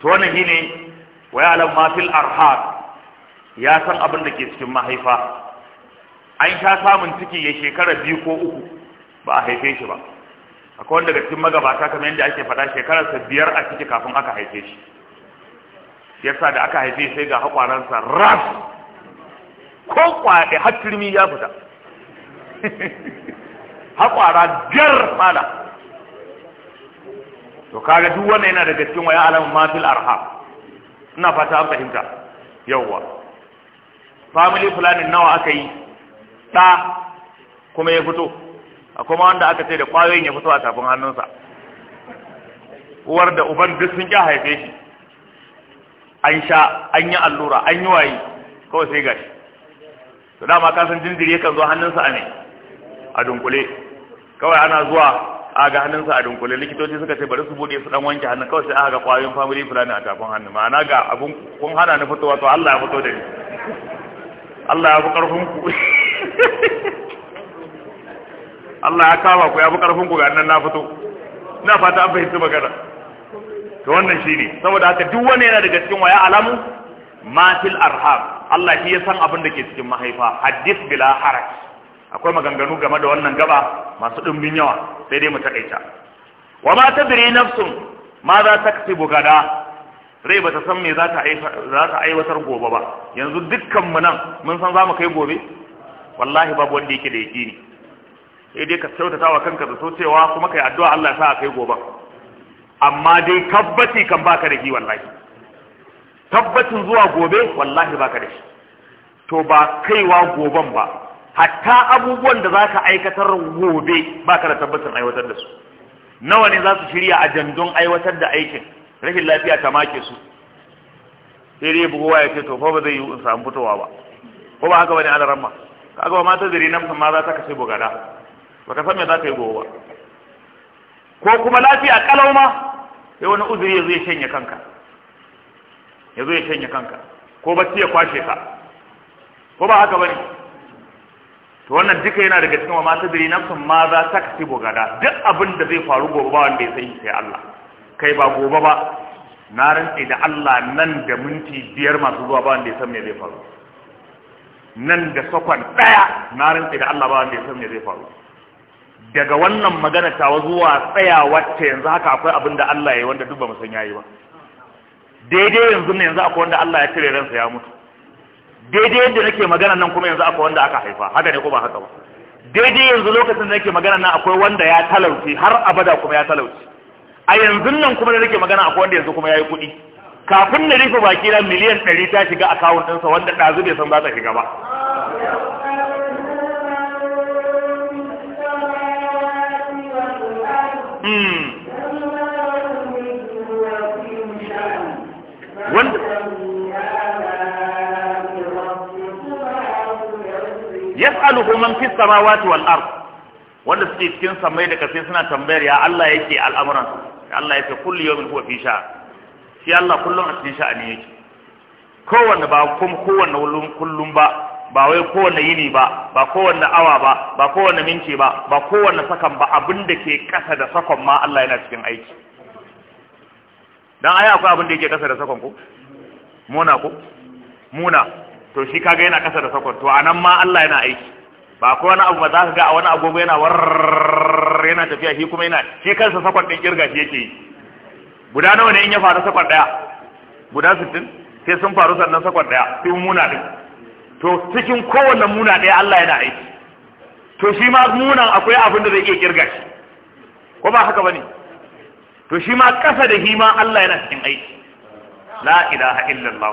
to wannan shine wa ya'lam ma fil ya san abin da ke cikin mahaifa an sha samun ciki ya shekara biyu ko uku ba a haife shi ba akwai wanda daga cikin magabata kamar yadda ake faɗa shekararsa biyar a ciki kafin aka haife shi yasa da aka haife sai ga haƙwaransa ras ko kwaɗe har ya fita *laughs* haƙwara jar fada to kaga duk wannan yana daga cikin waya alamun mafil arha ina fata an fahimta yawwa family planning nawa aka yi ɗa kuma ya fito a kuma wanda aka ce da kwayoyin ya fito a tafin hannunsa uwar da uban duk sun ƙya haife shi an sha an yi allura an yi waye kawai sai gashi to dama ka san jinjiri yakan zo hannunsa a ne a dunkule kawai ana zuwa a ga hannunsa a dunkule likitoci suka ce bari su bude su dan wanke hannun kawai sai aka ga kwayoyin family plan a tafin hannu ma'ana ga abun kun hana ni fitowa to Allah ya fito da ni Allah ya fi karfin ku *laughs* Allah ya kama ku ya fi karfin ku ga nan na fito ina fata an fahimci magana to wannan shi ne saboda haka duk wani yana daga cikin waya alamu ma fil arham Allah shi ya san abin da ke cikin mahaifa hadith bila haraj akwai maganganu game da wannan gaba masu dimbin yawa sai dai mu takaita wa ma tadri nafsun ma za ta kasibu gada rai ba ta san me za ta aiwatar gobe ba yanzu dukkan mu nan mun san zamu kai gobe wallahi babu wanda yake da yaki ne sai dai ka kyautata wa kanka da so kuma kai addu'a Allah ya sa kai gobe amma dai tabbaci kan baka da shi wallahi tabbacin zuwa gobe wallahi baka da shi to ba kaiwa goben ba hatta abubuwan da zaka aikatar gobe baka da tabbacin aiwatar da su nawa ne za su shirya a jandun aiwatar da aikin rashin lafiya ta make su sai dai bugu ya ce to fa ba zai yi in samu fitowa ba ko ba haka bane alaran ma kaga ba mata zari nan ma za ta kashe bugada baka san me za ka yi gobe ba ko kuma lafiya kalau ma sai wani uzuri ya zo ya shanye kanka ya zo ya shanye kanka ko bacci ya kwashe ka ko ba haka bane to wannan duka yana daga cikin ma tadri nafsun ma za ta kasi bogada duk abin da zai faru gobe ba wanda ya sani sai Allah kai ba gobe ba na rantsi da Allah nan da minti biyar masu zuwa ba wanda ya san me zai faru nan da sakon daya na rantsi da Allah ba wanda ya san me zai faru daga wannan magana tawa zuwa tsaya wacce yanzu haka akwai abin da Allah ya yi wanda duk ba mu san yayi ba daidai yanzu ne yanzu akwai wanda Allah ya cire ransa ya mutu daidai yadda nake magana nan kuma yanzu akwai wanda aka haifa haka ne ko ba haka ba daidai yanzu lokacin da nake magana nan akwai wanda ya talauci har abada kuma ya talauci a yanzu nan kuma da nake magana akwai wanda yanzu kuma ya yi kuɗi kafin na rufe baki na miliyan ɗari ta shiga akawun ɗinsa wanda ɗazu bai san za ta shiga ba Hmm. wanda yas'aluhu man fis samawati wal ard wanda suke cikin samai da kafin suna tambayar ya Allah yake al'amuran Allah yake kullu yawmin huwa fi sha'n shi Allah kullum a cikin sha'ani yake kowanne ba kuma kowanne kullum ba ba wai kowanne yini ba ba kowanne awa ba ba kowanne minti ba ba kowanne sakan ba abin da ke kasa da sakon ma Allah yana cikin aiki dan ai akwai abin da yake kasa da sakon ko muna ko muna to shi kaga yana kasa da sakon to anan ma Allah yana aiki ba ko wani abu ba za ka ga a wani agogo yana war yana tafiya shi kuma yana shi kansa sakon din kirga shi yake yi guda nawa ne in ya faru sakon daya guda 60 sai sun faru sannan sakon daya sai muna din to cikin kowanne muna ɗaya Allah yana aiki to shi ma munan akwai abin da zai iya kirga shi ko ba haka bane to shi ma kasa da ma Allah yana cikin aiki la ilaha illallah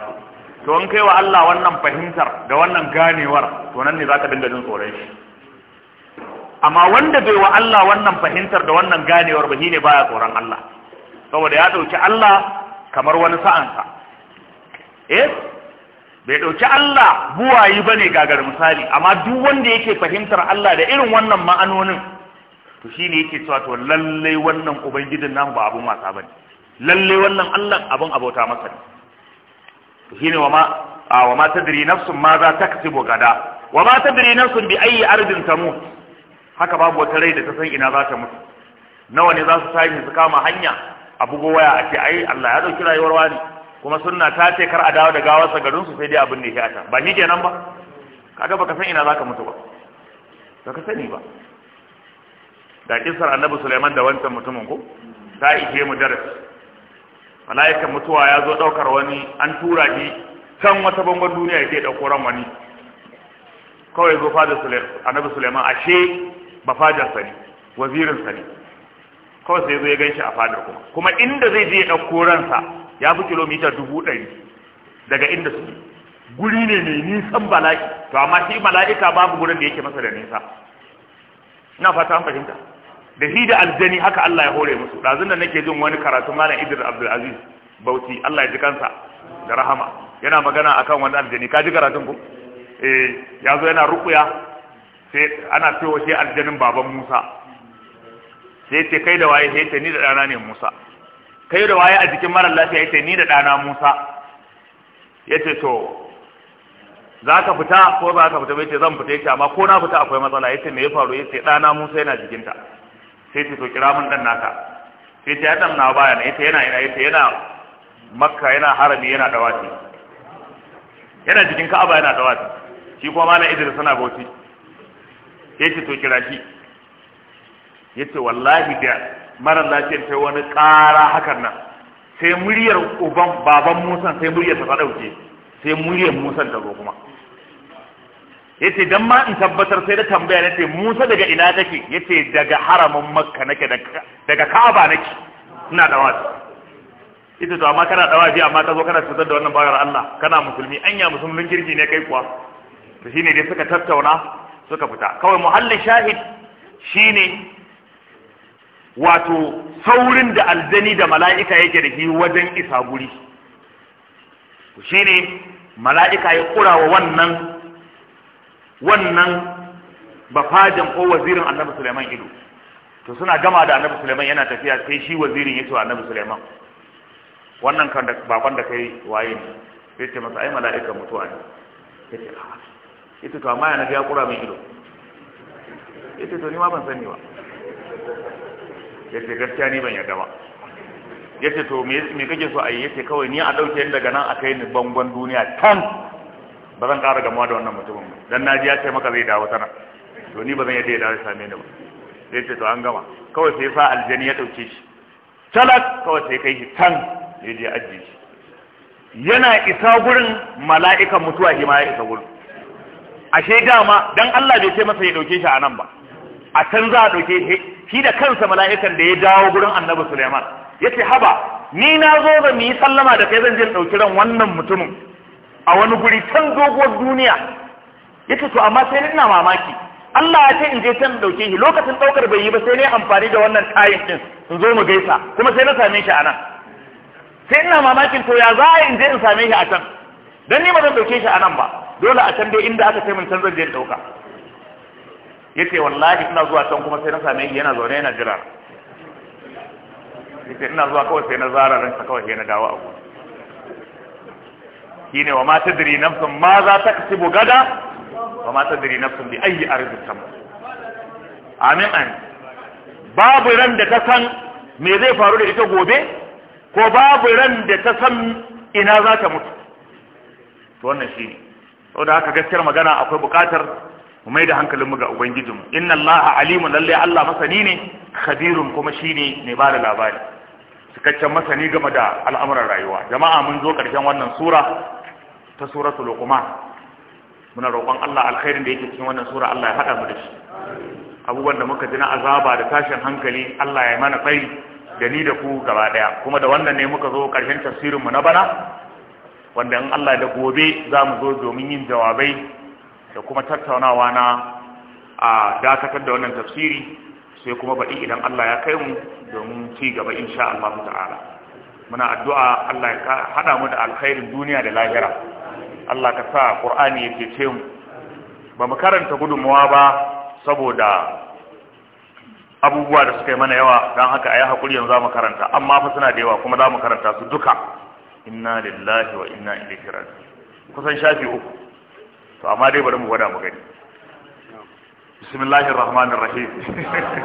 to an kai wa Allah wannan fahimtar da wannan ganewar to nan ne zaka dinga jin tsoron shi amma wanda bai wa Allah wannan fahimtar da wannan ganewar ba shine baya tsoron Allah saboda ya dauki Allah kamar wani sa'ansa eh bai ɗauki Allah buwayi ba ne gagar misali amma duk wanda yake fahimtar Allah da irin wannan ma'anonin to shi ne yake cewa to lallai wannan ubangijin nan ba abin wasa ba ne lallai wannan Allah abin abota masa ne to shi ne wa ma wa ma tadri nafsun ma za ta kasibu gada wa ma tadri nafsun bi ayi ardin tamu haka babu wata rai da ta san ina za ta mutu nawa ne za su tashi su kama hanya a bugo waya a ce ai Allah ya ɗauki rayuwar wani kuma sunna ta ce kar a dawo da gawarsa garin su sai dai abin da yake a can ba shi nan ba kaga baka san ina zaka mutu ba baka sani ba da kisar annabi Sulaiman da wancan mutumin ko ta ike mu darasi malaikan mutuwa ya zo daukar wani an tura shi kan wata bangon duniya yake dauko ran wani kawai zo fadar annabi Sulaiman ashe ba fadar sani wazirin sani kawai sai zo ya ganshi a fadar kuma kuma inda zai je ya dauko ransa ya fi kilomita dubu ɗari daga inda su guri ne mai nisan bala'i to amma shi mala'ika babu gurin da yake masa da nisa ina fata an fahimta da shi da aljani haka Allah ya hore musu ɗazun da nake jin wani karatu malam abdul aziz bauti Allah ya ji kansa da rahama yana magana akan wani aljani ka ji karatun ku eh ya zo yana rukuya sai ana cewa shi aljanin baban Musa sai ce kai da waye sai ce ni da ɗana ne Musa Kai yi waye a jikin mara lafiya ya ce ni da ɗana musa ya ce to za ka fita ko ba ka fita bai ce zan fita ya ce amma ko na fita akwai matsala ya ce me ya faru ya ce ɗana musa yana jikinta sai ce to kira min ɗan naka sai ce ya ɗan na baya na ya ce yana ina ya ce yana makka yana harami yana dawati yana jikin ka'aba yana dawati shi kuma malam idris suna bauchi ya ce to kira shi ya ce wallahi da mara lafiyar ta wani ƙara hakan nan sai muryar uban baban Musa sai muryar ta ɗauke sai muryar musa ta zo kuma yace dan ma in tabbatar sai da tambaya na ce musa daga ina kake yace daga haramin makka nake daga ka'aba nake ina da wata ita to amma kana dawaji amma ka zo kana cutar da wannan bayar Allah kana musulmi anya musulmin kirki ne kai kuwa to shine dai suka tattauna suka fita kawai muhallin shahid shine wato saurin da aljani da mala'ika yake da shi wajen isa guri ne mala'ika ya kura wa wannan wannan bafajan ko wazirin annabi Suleiman ido to suna gama da annabi Suleiman yana tafiya sai shi wazirin ya ce annabi Suleiman wannan kan da bakon da kai waye ne sai ce masa ai mala'ika mutuwa ne sai ce ita ah. to amma yana ga kura mai ido ita to ni ma ban sani ba ya ce gaskiya ni ban yarda ba ya to me kake so a yi ya kawai ni a ɗauke ni daga nan a kai ni bangon duniya tan ba zan ƙara gamuwa da wannan mutumin ba dan naji ya ce maka zai dawo tana to ni ba zan yadda ya dawo same ni ba to an gama kawai sai sa aljani ya ɗauke shi talak kawai sai kai shi tan ya je ajiye shi yana isa gurin mala'ikan mutuwa shi ya isa gurin ashe dama dan Allah bai ce masa ya ɗauke shi a nan ba a can za a ɗauke shi da kansa mala'ikan da ya dawo gurin annabi Suleiman ya ce haba ni na zo da mu yi sallama da kai zan je ɗauki ran wannan mutumin a wani guri can doguwar duniya ya ce to amma sai ni ina mamaki Allah ya ce in je can ɗauke shi lokacin ɗaukar bai yi ba sai ne amfani da wannan kayan ɗin in zo mu gaisa kuma sai na same shi a nan sai ina mamakin to ya za in je in same shi a can don ni ba zan ɗauke shi a nan ba dole a can dai inda aka kai mun can zan je ɗauka yace wallahi ina zuwa can kuma sai na same shi yana zaune yana jira yace ina zuwa kawai sai na zara ransa kawai sai na dawo a gudu ne wa ma tadri nafsun ma za ta kasibu gada wa ma tadri nafsun bi ayi arzin tamu amin an babu ran da ta san me zai faru da ita gobe ko babu ran da ta san ina za ta mutu to wannan shine saboda haka gaskiyar magana akwai bukatar mu mai da hankalin mu ga mu inna allaha alimun lalle allah masani ne khabirun kuma shine mai ba da labari cikakken masani game da al'amuran rayuwa jama'a mun zo karshen wannan sura ta suratul luqman muna roƙon allah alkhairin da yake cikin wannan sura allah ya hada mu da shi abubuwan da muka ji na azaba da tashin hankali allah ya mana kai da ni da ku gaba daya kuma da wannan ne muka zo karshen tafsirin mu na bana wanda in allah da gobe za mu zo domin yin jawabai da kuma tattaunawa na a dakatar da wannan tafsiri sai kuma baɗi idan Allah ya kai mu domin ci gaba insha Allah ta'ala muna addu'a Allah ya hada mu da alkhairin duniya da lahira Allah ka sa Qur'ani ya cece mu ba mu karanta gudunmuwa ba saboda abubuwa da suka yi mana yawa don haka a yi haƙuri yanzu za mu karanta amma fa suna da yawa kuma za mu karanta su duka inna lillahi wa inna ilaihi raji kusan shafi uku to amma dai bari mu gwada mu gani bismillahir rahmanir rahim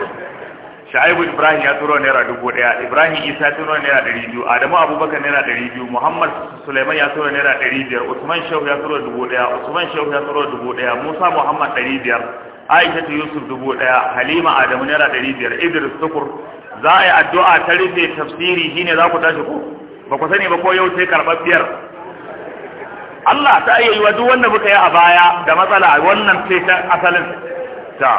*laughs* shaibu ibrahim ya turo naira dubu daya ibrahim isa ya turo naira dari biyu adamu abubakar naira dari biyu muhammad suleiman ya turo naira dari biyar usman shehu ya turo dubu daya usman shehu ya turo dubu daya musa muhammad dari biyar aisha yusuf dubu daya halima adamu naira dari biyar idris tukur za a yi addu'a ta rufe tafsiri shine za ku tashi ko ba ku sani ba ko yau sai karɓar biyar Allah ta iya yi wa duk wanda muka yi a baya da matsala wannan ce ta asalin ta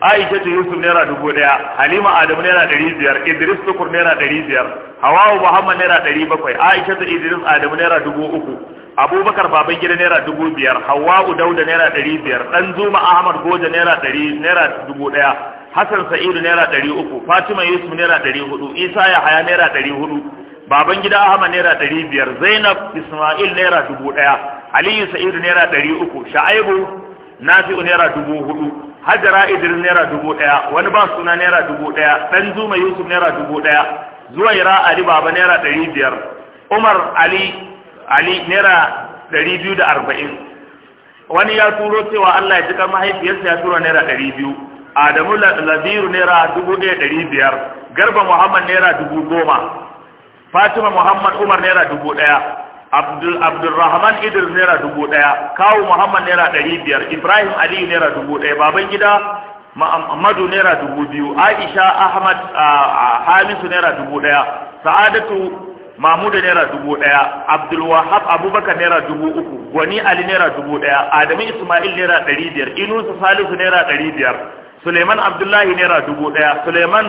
Aisha ta Yusuf naira dubu ɗaya, Halima Adamu naira ɗari biyar, Idris Tukur naira ɗari biyar, Hawawu Muhammad naira ɗari bakwai, Aisha ta Idris Adamu naira dubu uku, Abubakar Baban Gida naira dubu biyar, Hawa'u Dauda naira ɗari biyar, Ɗan Zuma Ahmad Goja naira ɗari naira dubu ɗaya, Hassan Sa'idu naira ɗari uku, Fatima Yusuf naira ɗari hudu, Isa Yahaya naira ɗari hudu, baban gida ahmad naira ɗari biyar zainab ismail naira dubu ɗaya aliyu sa'idu naira ɗari uku sha'aibu nafi'u naira dubu hudu hajara idris naira dubu ɗaya wani ba suna naira dubu ɗaya ɗan zuma yusuf naira dubu ɗaya zuwaira ali baba naira ɗari biyar umar ali ali naira ɗari biyu da arba'in wani ya turo cewa allah ya ji kan mahaifiyarsa ya tura naira ɗari biyu adamu labiru naira dubu ɗaya ɗari biyar garba muhammad naira dubu goma fatima muhammad umar naira dubu ɗaya abdul abdulrahman idris naira dubu ɗaya kawu muhammad naira ɗari biyar ibrahim ali naira dubu ɗaya baban gida Madu naira dubu biyu aisha ahmad hamisu naira dubu ɗaya sa'adatu Mahmuda naira dubu ɗaya, Abdulwahab Abubakar naira dubu uku, Gwani Ali naira dubu ɗaya, Adamu Ismail naira ɗari biyar, Inusu Salisu naira ɗari biyar, Suleiman Abdullahi naira dubu ɗaya, Suleiman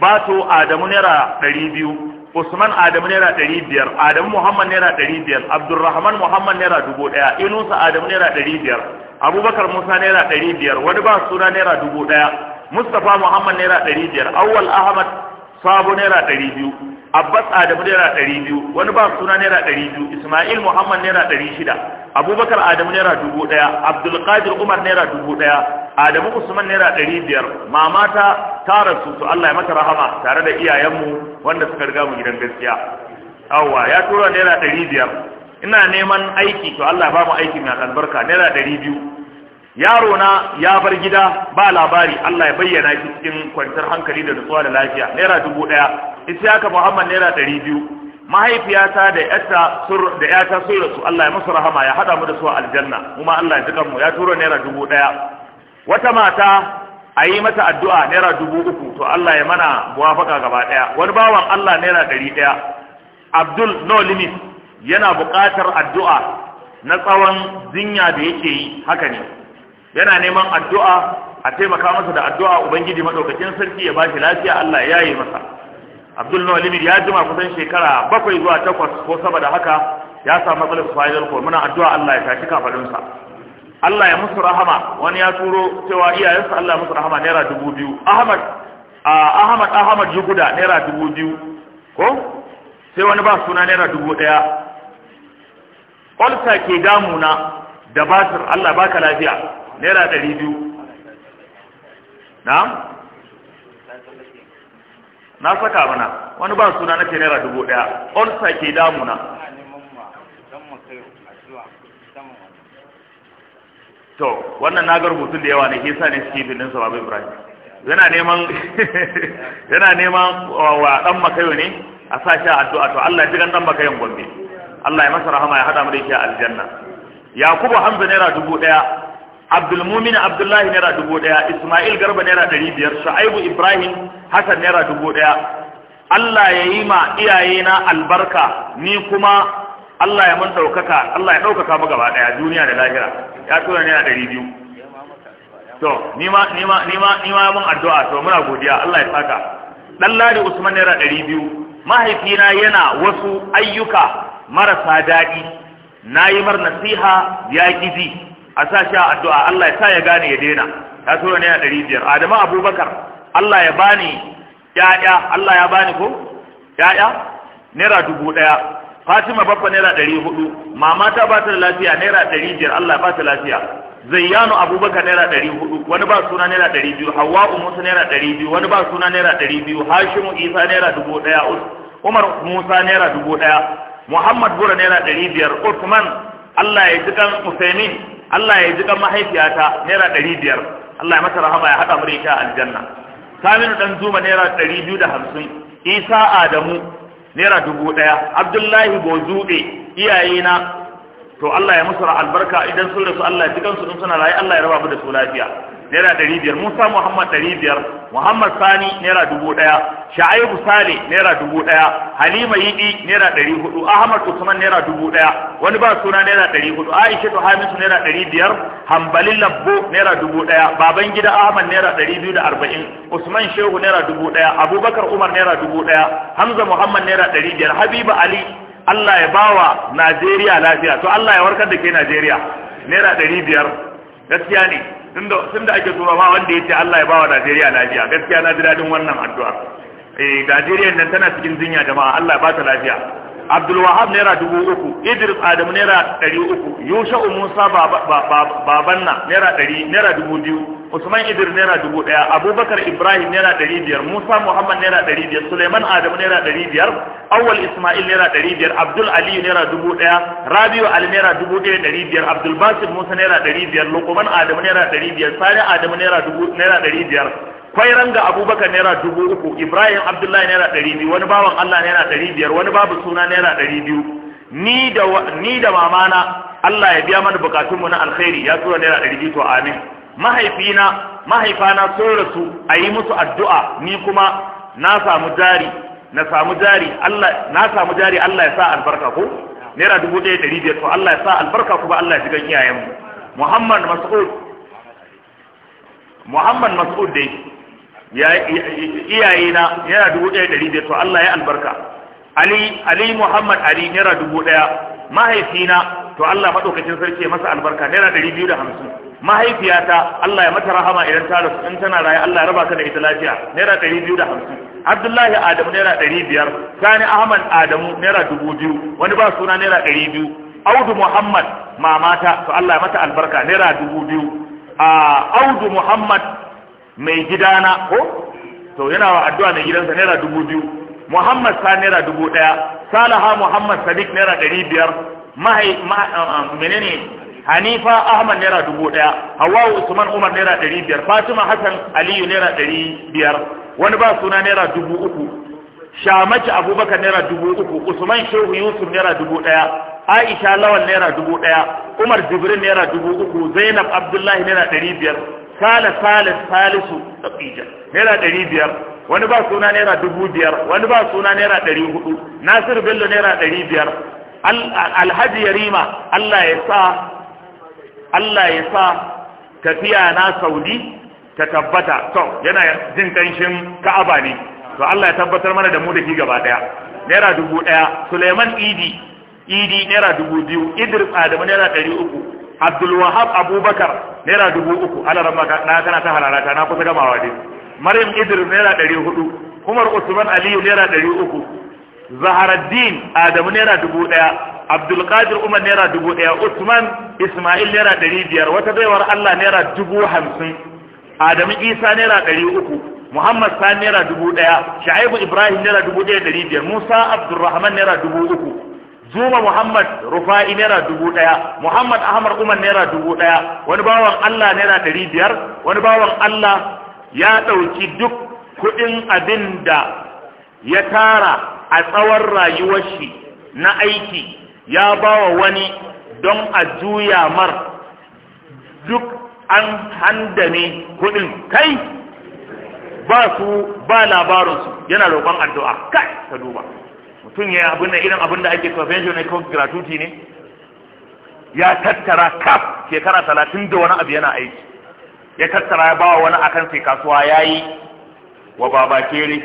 Bato Adamu naira ɗari biyu, Usman Adamu naira ɗari biyar, Adamu Muhammad naira ɗari biyar, Abdulrahman Muhammad naira dubu ɗaya, Inusa Adamu naira ɗari biyar, Abubakar Musa naira ɗari biyar, wani ba suna naira dubu ɗaya, Mustapha Muhammad naira ɗari biyar, Awwal Ahmad Sabo naira ɗari biyu, abbas adamu naira ɗari biyu wani ba suna naira ɗari biyu ismail muhammad naira ɗari shida abubakar adamu naira dubu ɗaya abdulkadir umar naira dubu ɗaya adamu usman naira ɗari biyar mamata ta rasu su allah ya mata rahama tare da iyayenmu wanda suka riga mu gidan gaskiya awwa ya tura naira ɗari biyar ina neman aiki to allah ba mu aikin mai albarka naira ɗari biyu yaro na ya bar gida ba labari Allah ya bayyana shi cikin kwantar hankali da nutsuwa da lafiya naira dubu ɗaya ita ya kafa Muhammad naira ɗari biyu mahaifiyata da yata sur da yata da su Allah ya musu rahama ya hada mu da su a aljanna ma Allah ya tuka mu ya tura naira dubu ɗaya wata mata a yi mata addu'a naira dubu uku to Allah ya mana muwafaka gaba ɗaya wani bawan Allah naira ɗari ɗaya Abdul no limit yana buƙatar addu'a na tsawon jinya da yake yi haka ne yana neman addu'a a taimaka masa da addu'a ubangiji madaukakin sarki ya bashi lafiya Allah ya yi masa Abdul Nawalimir ya jima kusan shekara bakwai zuwa takwas ko saba da haka ya samu matsalar spinal cord muna addu'a Allah ya tashi sa Allah ya musu rahama wani ya turo cewa iyayensa Allah ya musu rahama naira dubu biyu Ahmad Ahmad Ahmad Yuguda naira dubu biyu ko sai wani ba suna naira dubu ɗaya ƙwalta ke damuna da batir Allah baka lafiya naira ɗari biyu na na saka mana wani ba suna na naira dubu ɗaya olsa ke damuna to wannan na ga da yawa ne ke sa ne suke filin sa babu ibrahim yana neman *laughs* yana neman wa dan makayo ne a sa shi addu'a to Allah ya jira dan makayon gombe Allah ya masa rahama ya hada mu da shi aljanna yakubu hamza naira dubu daya abdulmumin abdullahi naira dubu ɗaya ismail garba naira ɗari biyar shu'aibu ibrahim hassan naira dubu ɗaya allah ya yi ma iyayena albarka ni kuma allah ya mun ɗaukaka allah ya ɗaukaka mu gaba ɗaya duniya da lahira ya tura naira ɗari biyu to nima nima nima nima mun addu'a to muna godiya allah ya saka dan ladi usman naira ɗari biyu mahaifina yana wasu ayyuka marasa daɗi na yi mar nasiha ya ƙizi. a sa shi a addu'a Allah ya sa ya gane ya daina ya tura ne a ɗari biyar Adamu Abubakar Allah ya bani ya'ya Allah ya bani ko ya'ya naira dubu ɗaya Fatima babba naira ɗari hudu mama ta ba ta da lafiya naira ɗari biyar Allah ba ta lafiya Zayyano Abubakar naira ɗari hudu wani ba suna naira ɗari biyu Hawwa'u Musa naira ɗari biyu wani ba suna naira ɗari biyu Hashimu Isa naira dubu ɗaya Umar Musa naira dubu ɗaya Muhammad Bura naira ɗari biyar usman Allah ya ji kan Usaimin Allah ya ji kan mahaifiyata naira ɗari biyar Allah ya masa rahama ya haɗa murita a aljanna Saminu dan Zuma naira ɗari biyu da hamsin Isa Adamu naira dubu ɗaya Abdullahi Bozuɗe iyayena to Allah ya musu albarka idan sun rasu Allah ya ji kansu in suna raye Allah ya raba mu da su lafiya naira ɗari biyar musa muhammad ɗari biyar muhammad sani naira dubu ɗaya sha'aibu sale naira dubu ɗaya halima Yidi naira ɗari hudu ahmad usman naira dubu ɗaya wani ba suna naira ɗari hudu aisha to hamisu naira ɗari biyar hambalin labbo naira dubu ɗaya baban gida ahmad naira ɗari biyu da arba'in usman shehu naira dubu ɗaya abubakar umar naira dubu ɗaya hamza muhammad naira ɗari biyar habiba ali Allah ya bawa Najeriya lafiya to Allah ya warkar da ke Najeriya naira ɗari biyar gaskiya ne tunda ake tura ba wanda ya ce Allah ya bawa Najeriya lafiya gaskiya na ji dadin wannan addu'a eh Najeriya nan tana cikin jinya jama'a Allah ya ba ta lafiya Abdul Wahab naira dubu uku Idris Adamu naira ɗari uku Yusha'u Musa babanna naira ɗari naira dubu biyu usman idir naira dubu ɗaya abubakar ibrahim naira ɗari biyar musa muhammad naira ɗari biyar suleiman adamu naira ɗari biyar awwal ismail naira ɗari biyar abdul aliyu naira dubu ɗaya rabiu ali naira dubu ɗaya ɗari biyar abdul basir musa naira ɗari biyar lokuman adamu naira ɗari biyar sani adamu naira dubu naira ɗari biyar kwairan ga abubakar naira dubu uku ibrahim abdullahi naira ɗari biyu wani bawan allah naira ɗari biyar wani babu suna naira ɗari biyu ni da mamana Allah ya biya mana bukatunmu na alkhairi ya tura naira ɗari biyu to amin mahaifina mahaifana sun rasu a yi musu addu'a ni kuma na samu jari na samu jari Allah na samu jari Allah ya sa albarka ko naira dubu ɗaya ɗari biyar to Allah ya sa albarka ba Allah ya ji gan iyayenmu Muhammad Mas'ud Muhammad Mas'ud dai ya iyayena naira dubu ɗaya ɗari biyar to Allah ya albarka Ali Ali Muhammad Ali naira dubu ɗaya mahaifina to Allah maɗaukacin sarki ya masa albarka naira ɗari biyu da hamsin mahaifiyata Allah ya mata rahama idan ta rasu in tana raye Allah ya raba ka da ita lafiya naira ɗari biyu da hamsin Abdullahi Adamu naira ɗari biyar Sani Ahmad Adamu naira dubu biyu wani ba suna naira ɗari biyu Audu Muhammad mamata to Allah ya mata albarka naira dubu biyu a Audu Muhammad mai gidana ko to yana wa addu'a mai gidansa naira dubu biyu Muhammad sa naira dubu ɗaya Salaha Muhammad Sadiq naira ɗari biyar ah, ah, menene hanifa ahmad naira dubu ɗaya hawawu usman umar naira ɗari biyar fatima hassan aliyu naira ɗari biyar wani ba suna naira dubu uku shamaki abubakar naira dubu uku usman shehu yusuf naira dubu ɗaya aisha lawan naira dubu ɗaya umar jibrin naira dubu uku zainab abdullahi naira ɗari biyar sale sale salisu tsakija naira ɗari biyar wani ba suna naira dubu biyar wani ba suna naira ɗari hudu nasiru bello naira ɗari biyar alhaji yarima allah ya sa Allah ya sa tafiya na Saudi ta tabbata to yana jin kanshin Ka'aba ne to Allah ya tabbatar mana da mu da ki gaba daya naira dubu daya Sulaiman Idi Idi naira dubu biyu Idris Adamu naira ɗari uku Abdul Wahab Abubakar naira dubu uku Allah ramma na kana ta halalata na kusa gamawa dai Maryam Idris naira ɗari hudu Umar Usman Aliyu naira ɗari uku Zaharaddin Adamu naira dubu ɗaya abdulkadir umar naira dubu ɗaya usman ismail naira ɗari biyar wata baiwar allah naira dubu hamsin adamu isa naira ɗari uku muhammad sani naira dubu ɗaya sha'ibu ibrahim naira dubu ɗaya ɗari biyar musa abdulrahman naira dubu uku Zuma Muhammad Rufa'i Naira dubu ɗaya, Muhammad Ahmad Umar Naira dubu ɗaya, wani bawan Allah Naira ɗari biyar, wani bawan Allah ya ɗauki duk kuɗin abin da ya tara a tsawon rayuwar shi na aiki ya bawa wani don a juya mar duk an handame kudin kai ba su ba labarinsu yana roƙon addu'a kai ta duba mutum ya abin da irin abin da ake convention ne ko gratuity ne ya tattara kaf shekara talatin da wani abu yana aiki ya tattara ya bawa wani akan sai kasuwa ya yi wa babakere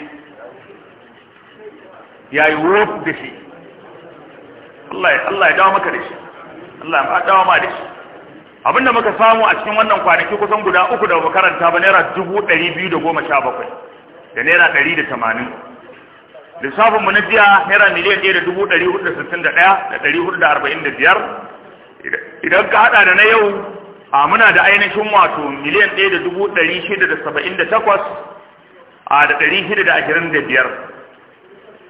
ya yi wuf da shi Allah ya dawo maka da shi Allah ya dawo ma da shi abinda muka samu a cikin wannan kwanaki kusan guda uku da mu karanta ba naira 217 da naira 180 lissafin mu na jiya naira miliyan 1,461 da biyar. idan ka hada da na yau a muna da ainihin wato miliyan 1,678 a da 625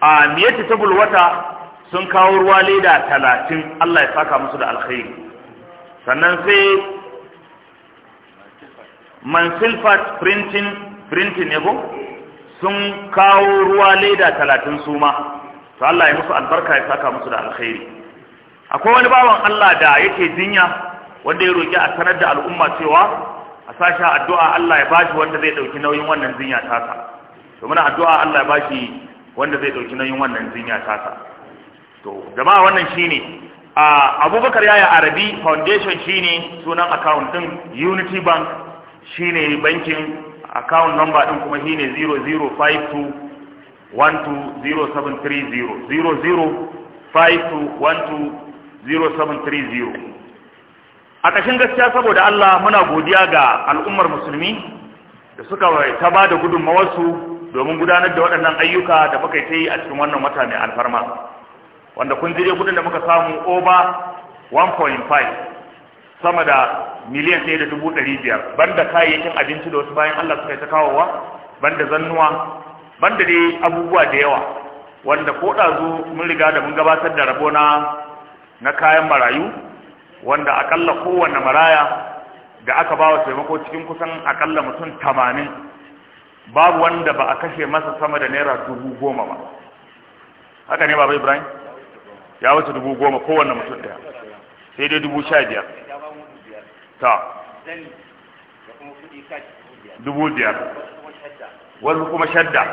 a miyatta tabul wata sun kawo ruwa leda talatin Allah ya saka musu da alkhairi sannan sai mansilfat printing printing ne sun kawo ruwa leda talatin su ma to Allah ya musu albarka ya saka musu da alkhairi akwai wani bawan Allah da yake jinya wanda ya roki a sanar da al'umma cewa a sashi addu'a Allah ya bashi wanda zai dauki nauyin wannan jinya tasa to muna addu'a Allah ya bashi wanda zai dauki nauyin wannan jinya tasa to jama'a wannan shine abubakar yaya arabi foundation shine sunan account din unity bank shine bankin account number din kuma shine 00521207300 00521207300 a ƙashin gaskiya saboda Allah muna godiya ga al'ummar musulmi da suka ta ba da gudunmawarsu domin gudanar da waɗannan ayyuka da muka yi ta yi a cikin wannan wata mai alfarma wanda kun jire kudin da muka samu over 1.5 sama da miliyan ɗaya da dubu biyar banda kayayyakin abinci da wasu bayan Allah suka yi ta kawowa banda zannuwa banda dai abubuwa da yawa wanda ko ɗazu mun riga da mun gabatar da rabo na na kayan marayu wanda akalla kowanne maraya da aka ba wa taimako cikin kusan akalla mutum tamanin babu wanda ba a kashe masa sama da naira dubu goma ba haka ne baba ibrahim ya wuce dubu goma kowane mutum daya sai dai dubu sha biyar ta dubu biyar wasu kuma shadda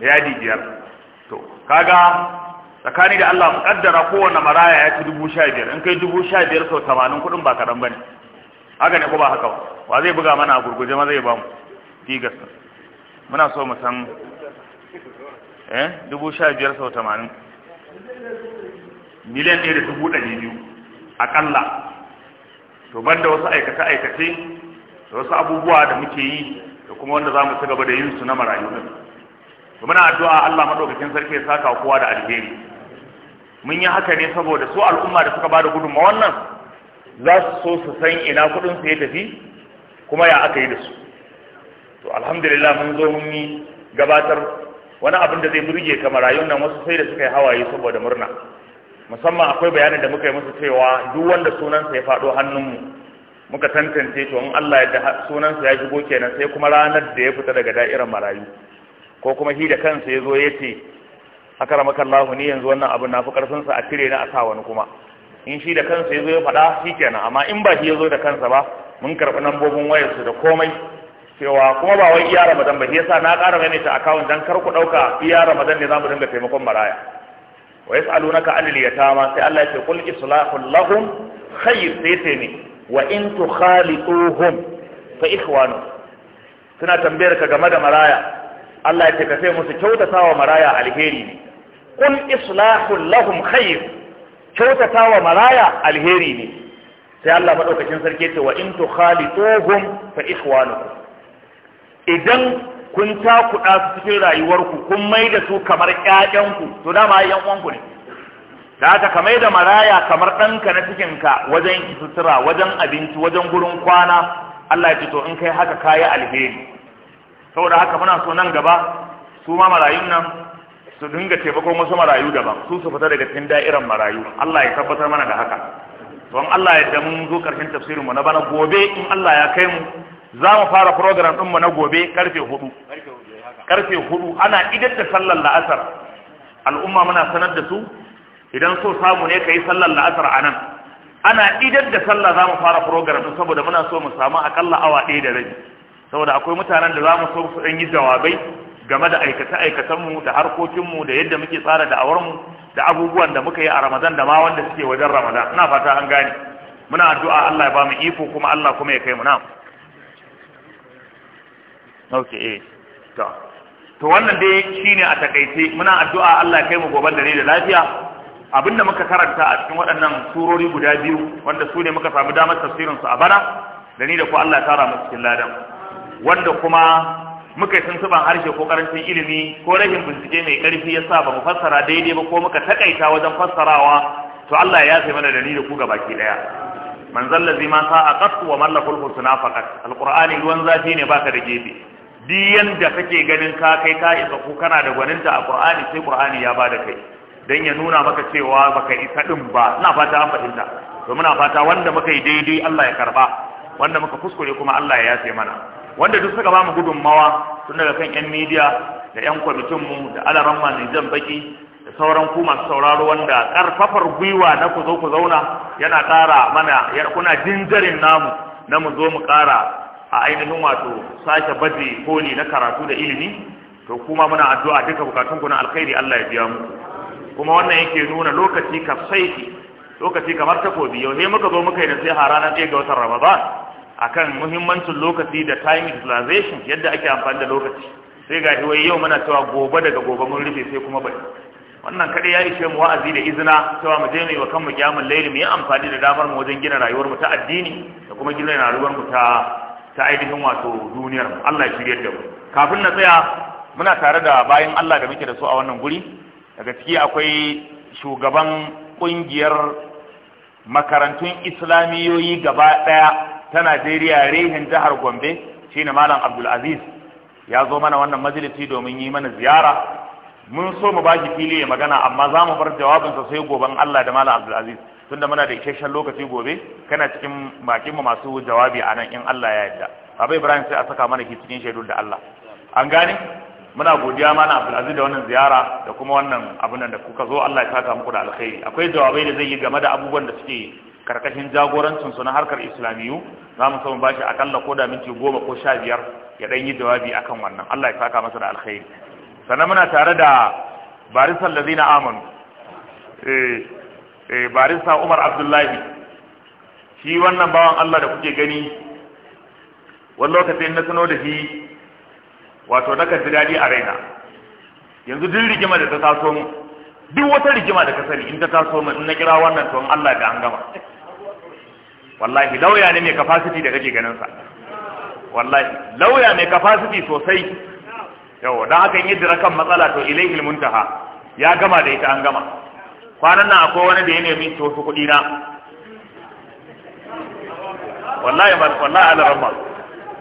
yadi biyar to kaga tsakani da Allah mu kaddara kowane maraya ya ci dubu sha biyar in kai dubu sha biyar sau tamanin kudin ba kaɗan ba ne haka ne ko ba haka wa zai buga mana a gurguje ma zai ba mu digas muna so mu san eh dubu sha biyar sau tamanin miliyan ɗaya da dubu ɗari biyu aƙalla to banda wasu aikace-aikace da wasu abubuwa da muke yi da kuma wanda za mu ci gaba da yin su na marayu ɗin to muna addu'a Allah madaukakin sarki ya saka kowa da alheri mun yi haka ne saboda su al'umma da suka ba da gudunma wannan za su so su san ina kuɗin su ya tafi kuma ya aka yi da su to alhamdulillah mun zo mun yi gabatar wani abin da zai burge ka marayun nan wasu sai da suka yi hawaye saboda murna musamman akwai bayanin da muka yi musu cewa duk wanda sunansa ya faɗo hannunmu muka tantance to in Allah yadda sunansa ya shigo kenan sai kuma ranar da ya fita daga da'irar marayu ko kuma shi da kansa ya zo ya ce ni yanzu wannan abu na fi karfinsa a tire ni a sa wani kuma in shi da kansa ya zo ya faɗa shi kenan amma in ba shi ya zo da kansa ba mun karɓi lambobin wayarsu da komai cewa kuma ba wai iya ramadan ba shi yasa na ƙara ta akawun dan kar ku ɗauka iya ramadan ne za mu dinga taimakon maraya wa yas'alunaka 'anil ma sai Allah ya ce qul islahul lahum khayr sai sai ne wa in tu tukhalituhum fa ikhwanu suna tambayar ka game da maraya Allah ya ce ka sai musu kyautatawa maraya alheri ne qul islahul lahum khayr kyautatawa maraya alheri ne sai Allah madaukakin sarki ya ce wa in tu tukhalituhum fa ikhwanukum idan kun takuɗa su cikin rayuwarku kun mai da su kamar ƴaƴanku to dama ƴan uwanku ne da haka ka mai da maraya kamar ɗanka na cikin ka wajen sutura wajen abinci wajen gurin kwana Allah ya ce to in kai haka kayi alheri saboda haka muna so nan gaba su ma marayun nan su dinga taimakon wasu marayu daban su su fita daga cikin da'iran marayu Allah ya tabbatar mana da haka don Allah ya da mun zo karfin tafsirin mu na bana gobe in Allah ya kai mu za mu fara program ɗinmu na gobe karfe hudu karfe hudu eh, ana idan da sallar la'asar al'umma muna sanar da su idan so samu ne ka yi sallar la'asar a nan ana idan da sallah za mu fara program ɗin saboda muna so mu samu akalla awa ɗaya da rabi saboda akwai mutanen da za mu so su ɗan yi jawabai game da aikace-aikacenmu da harkokinmu da yadda muke tsara da'awarmu da abubuwan da muka yi a ramadan da ma wanda suke wajen ramadan ina fata an gane muna addu'a Allah ya ba mu iko kuma Allah kuma ya kai mu na ok eh. to to wannan dai shine a takaice muna addu'a Allah ya kai mu goban dare da lafiya abinda muka karanta a cikin waɗannan surori guda biyu wanda su ne muka samu damar tafsirin su a bara da ni da ku Allah ya tara mu cikin ladan wanda kuma muka yi tuntuban harshe ko karancin ilimi ko rashin bincike mai karfi ya sa ba mu fassara daidai ba ko muka takaita wajen fassarawa to Allah ya yafe mana da ni da ku gabaki daya man zallazi ma sa'a qat wa mallakul husna faqat alqur'ani ruwan zafi ne baka da gefe duk yanda kake ganin ka kai ka isa ko kana da gwaninta a Qur'ani sai Qur'ani ya bada kai dan ya nuna maka cewa baka isa din ba ina fata an fahimta to muna fata wanda muka yi daidai Allah ya karba wanda muka kuskure kuma Allah ya yafe mana wanda duk suka bamu gudunmawa tun daga kan yan media da yan kwamitin mu da alaran zan baki da sauran ku masu sauraro wanda karfafar gwiwa na ku zo ku zauna yana ƙara mana kuna jinjarin namu na mu zo mu ƙara a ainihin wato sake baje koli na karatu da ilimi to kuma muna addu'a duka bukatun ku na alkhairi Allah ya biya mu kuma wannan yake nuna lokaci ka saiki lokaci kamar takobi yau ne muka zo muka yi sai harana ɗaya ga watan Ramadan akan muhimmancin lokaci da time utilization yadda ake amfani da lokaci sai ga wai yau muna cewa gobe daga gobe mun rufe sai kuma bai wannan kaɗai ya ishe mu wa'azi da izina cewa mu je mu yi wa kanmu kiyamul laili mu yi amfani da damar mu wajen gina rayuwar mu ta addini da kuma gina rayuwar mu ta ta ainihin wato duniyar Allah ya shirye da mu kafin na tsaya muna tare da bayan Allah da muke da su a wannan guri daga ciki akwai shugaban kungiyar makarantun islamiyoyi gaba daya ta Najeriya rehin jihar Gombe shine malam Abdul Aziz ya zo mana wannan majalisi domin yi mana ziyara mun so mu shi fili ya magana amma za mu bar jawabinsa sai goben Allah da malam Abdul Aziz tunda muna da isasshen lokaci gobe kana cikin bakin mu masu jawabi a nan in Allah ya yarda Baba Ibrahim sai a saka mana ki cikin shaidun da Allah an gane muna godiya mana Aziz da wannan ziyara da kuma wannan nan da kuka zo Allah ya saka muku da alkhairi akwai jawabai da zai yi game da abubuwan da suke karkashin jagorancin su na harkar islamiyu za mu samu bashi akalla ko da minti goma ko sha biyar ya dan yi jawabi akan wannan Allah ya saka masa da alkhairi sannan muna tare da barisan lazina amanu eh Eh, barista Umar Abdullahi shi wannan bawan Allah da kuke gani wani lokacin na sano da shi wato na ji daɗi a raina yanzu duk rigima da ta taso mu duk wata rigima da ka sani in ta taso mu in na kira wannan to Allah da an gama wallahi lauya ne mai capacity da kake ganin sa wallahi lauya mai capacity sosai Yau, dan haka in yi kan matsala to ilaihi muntaha ya gama da ita an gama kwanan nan akwai wani da ya nemi ta wasu kuɗi na wallahi ba wallahi ala ramma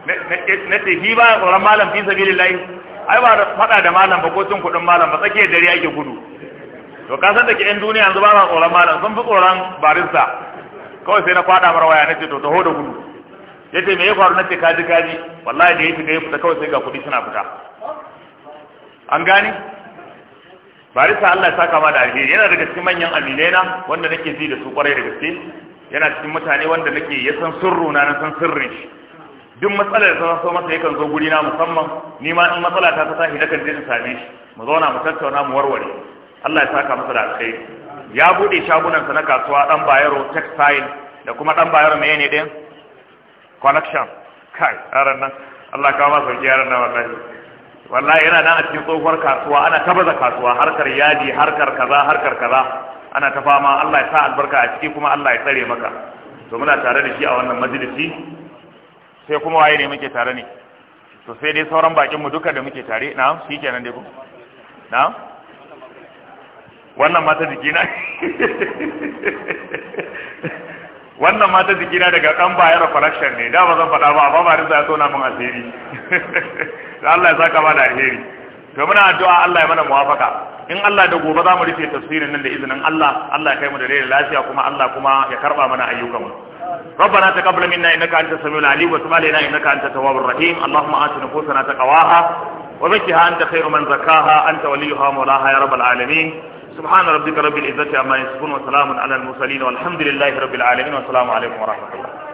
na ce fi ba tsoron malam fi sabili layi ai ba faɗa da malam ba ko cin kuɗin malam ba tsakiyar dare ake gudu to ka san da ke ɗan duniya yanzu ba sa tsoron malam sun fi tsoron barista kawai sai na kwaɗa mara waya na ce to taho da gudu ya ce me ya faru na ce kaji kaji wallahi da ya fita ya fita kawai sai ga kuɗi suna fita an gani? barisa Allah ya saka ma da alheri yana daga cikin manyan aminai na wanda nake ji da su kwarai da gaske yana cikin mutane wanda nake ya san sirru na na san sirrin shi duk matsalar da zo masa yakan zo guri na musamman ni ma in matsala ta ta na kan je in same shi mu zauna mu tattauna mu warware Allah ya saka masa da alheri ya bude shagunansa na kasuwa dan bayero textile da kuma dan bayero mai ne din connection kai aran nan Allah ka ba sauki aran nan wallahi wallahi yana nan a cikin tsohuwar kasuwa ana ta baza kasuwa harkar yaji harkar kaza harkar kaza ana ta fama Allah ya sa albarka a ciki kuma Allah ya tsare maka to muna tare da shi a wannan majalisi sai kuma waye ne muke tare ne to sai dai sauran bakin mu duka da muke tare na shi kenan dai ko na wannan mata jiki na *laughs* wannan mata jikina daga kan bayar collection ne da ba zan faɗa ba amma Marisa ya tona min asiri *laughs* Allah ya saka ba da alheri to muna addu'a Allah ya mana muwafaka in Allah da gobe za mu rufe tafsirin nan da izinin Allah Allah ya kai mu da rai lafiya kuma Allah kuma ya karba mana ayyukan mu ربنا تقبل منا انك انت السميع العليم وتب علينا انك انت التواب الرحيم اللهم ات نفوسنا تقواها وزكها انت خير من زكاها انت وليها ومولاها يا رب العالمين سبحان ربك رب العزة عما يصفون وسلام على المرسلين والحمد لله رب العالمين والسلام عليكم ورحمة الله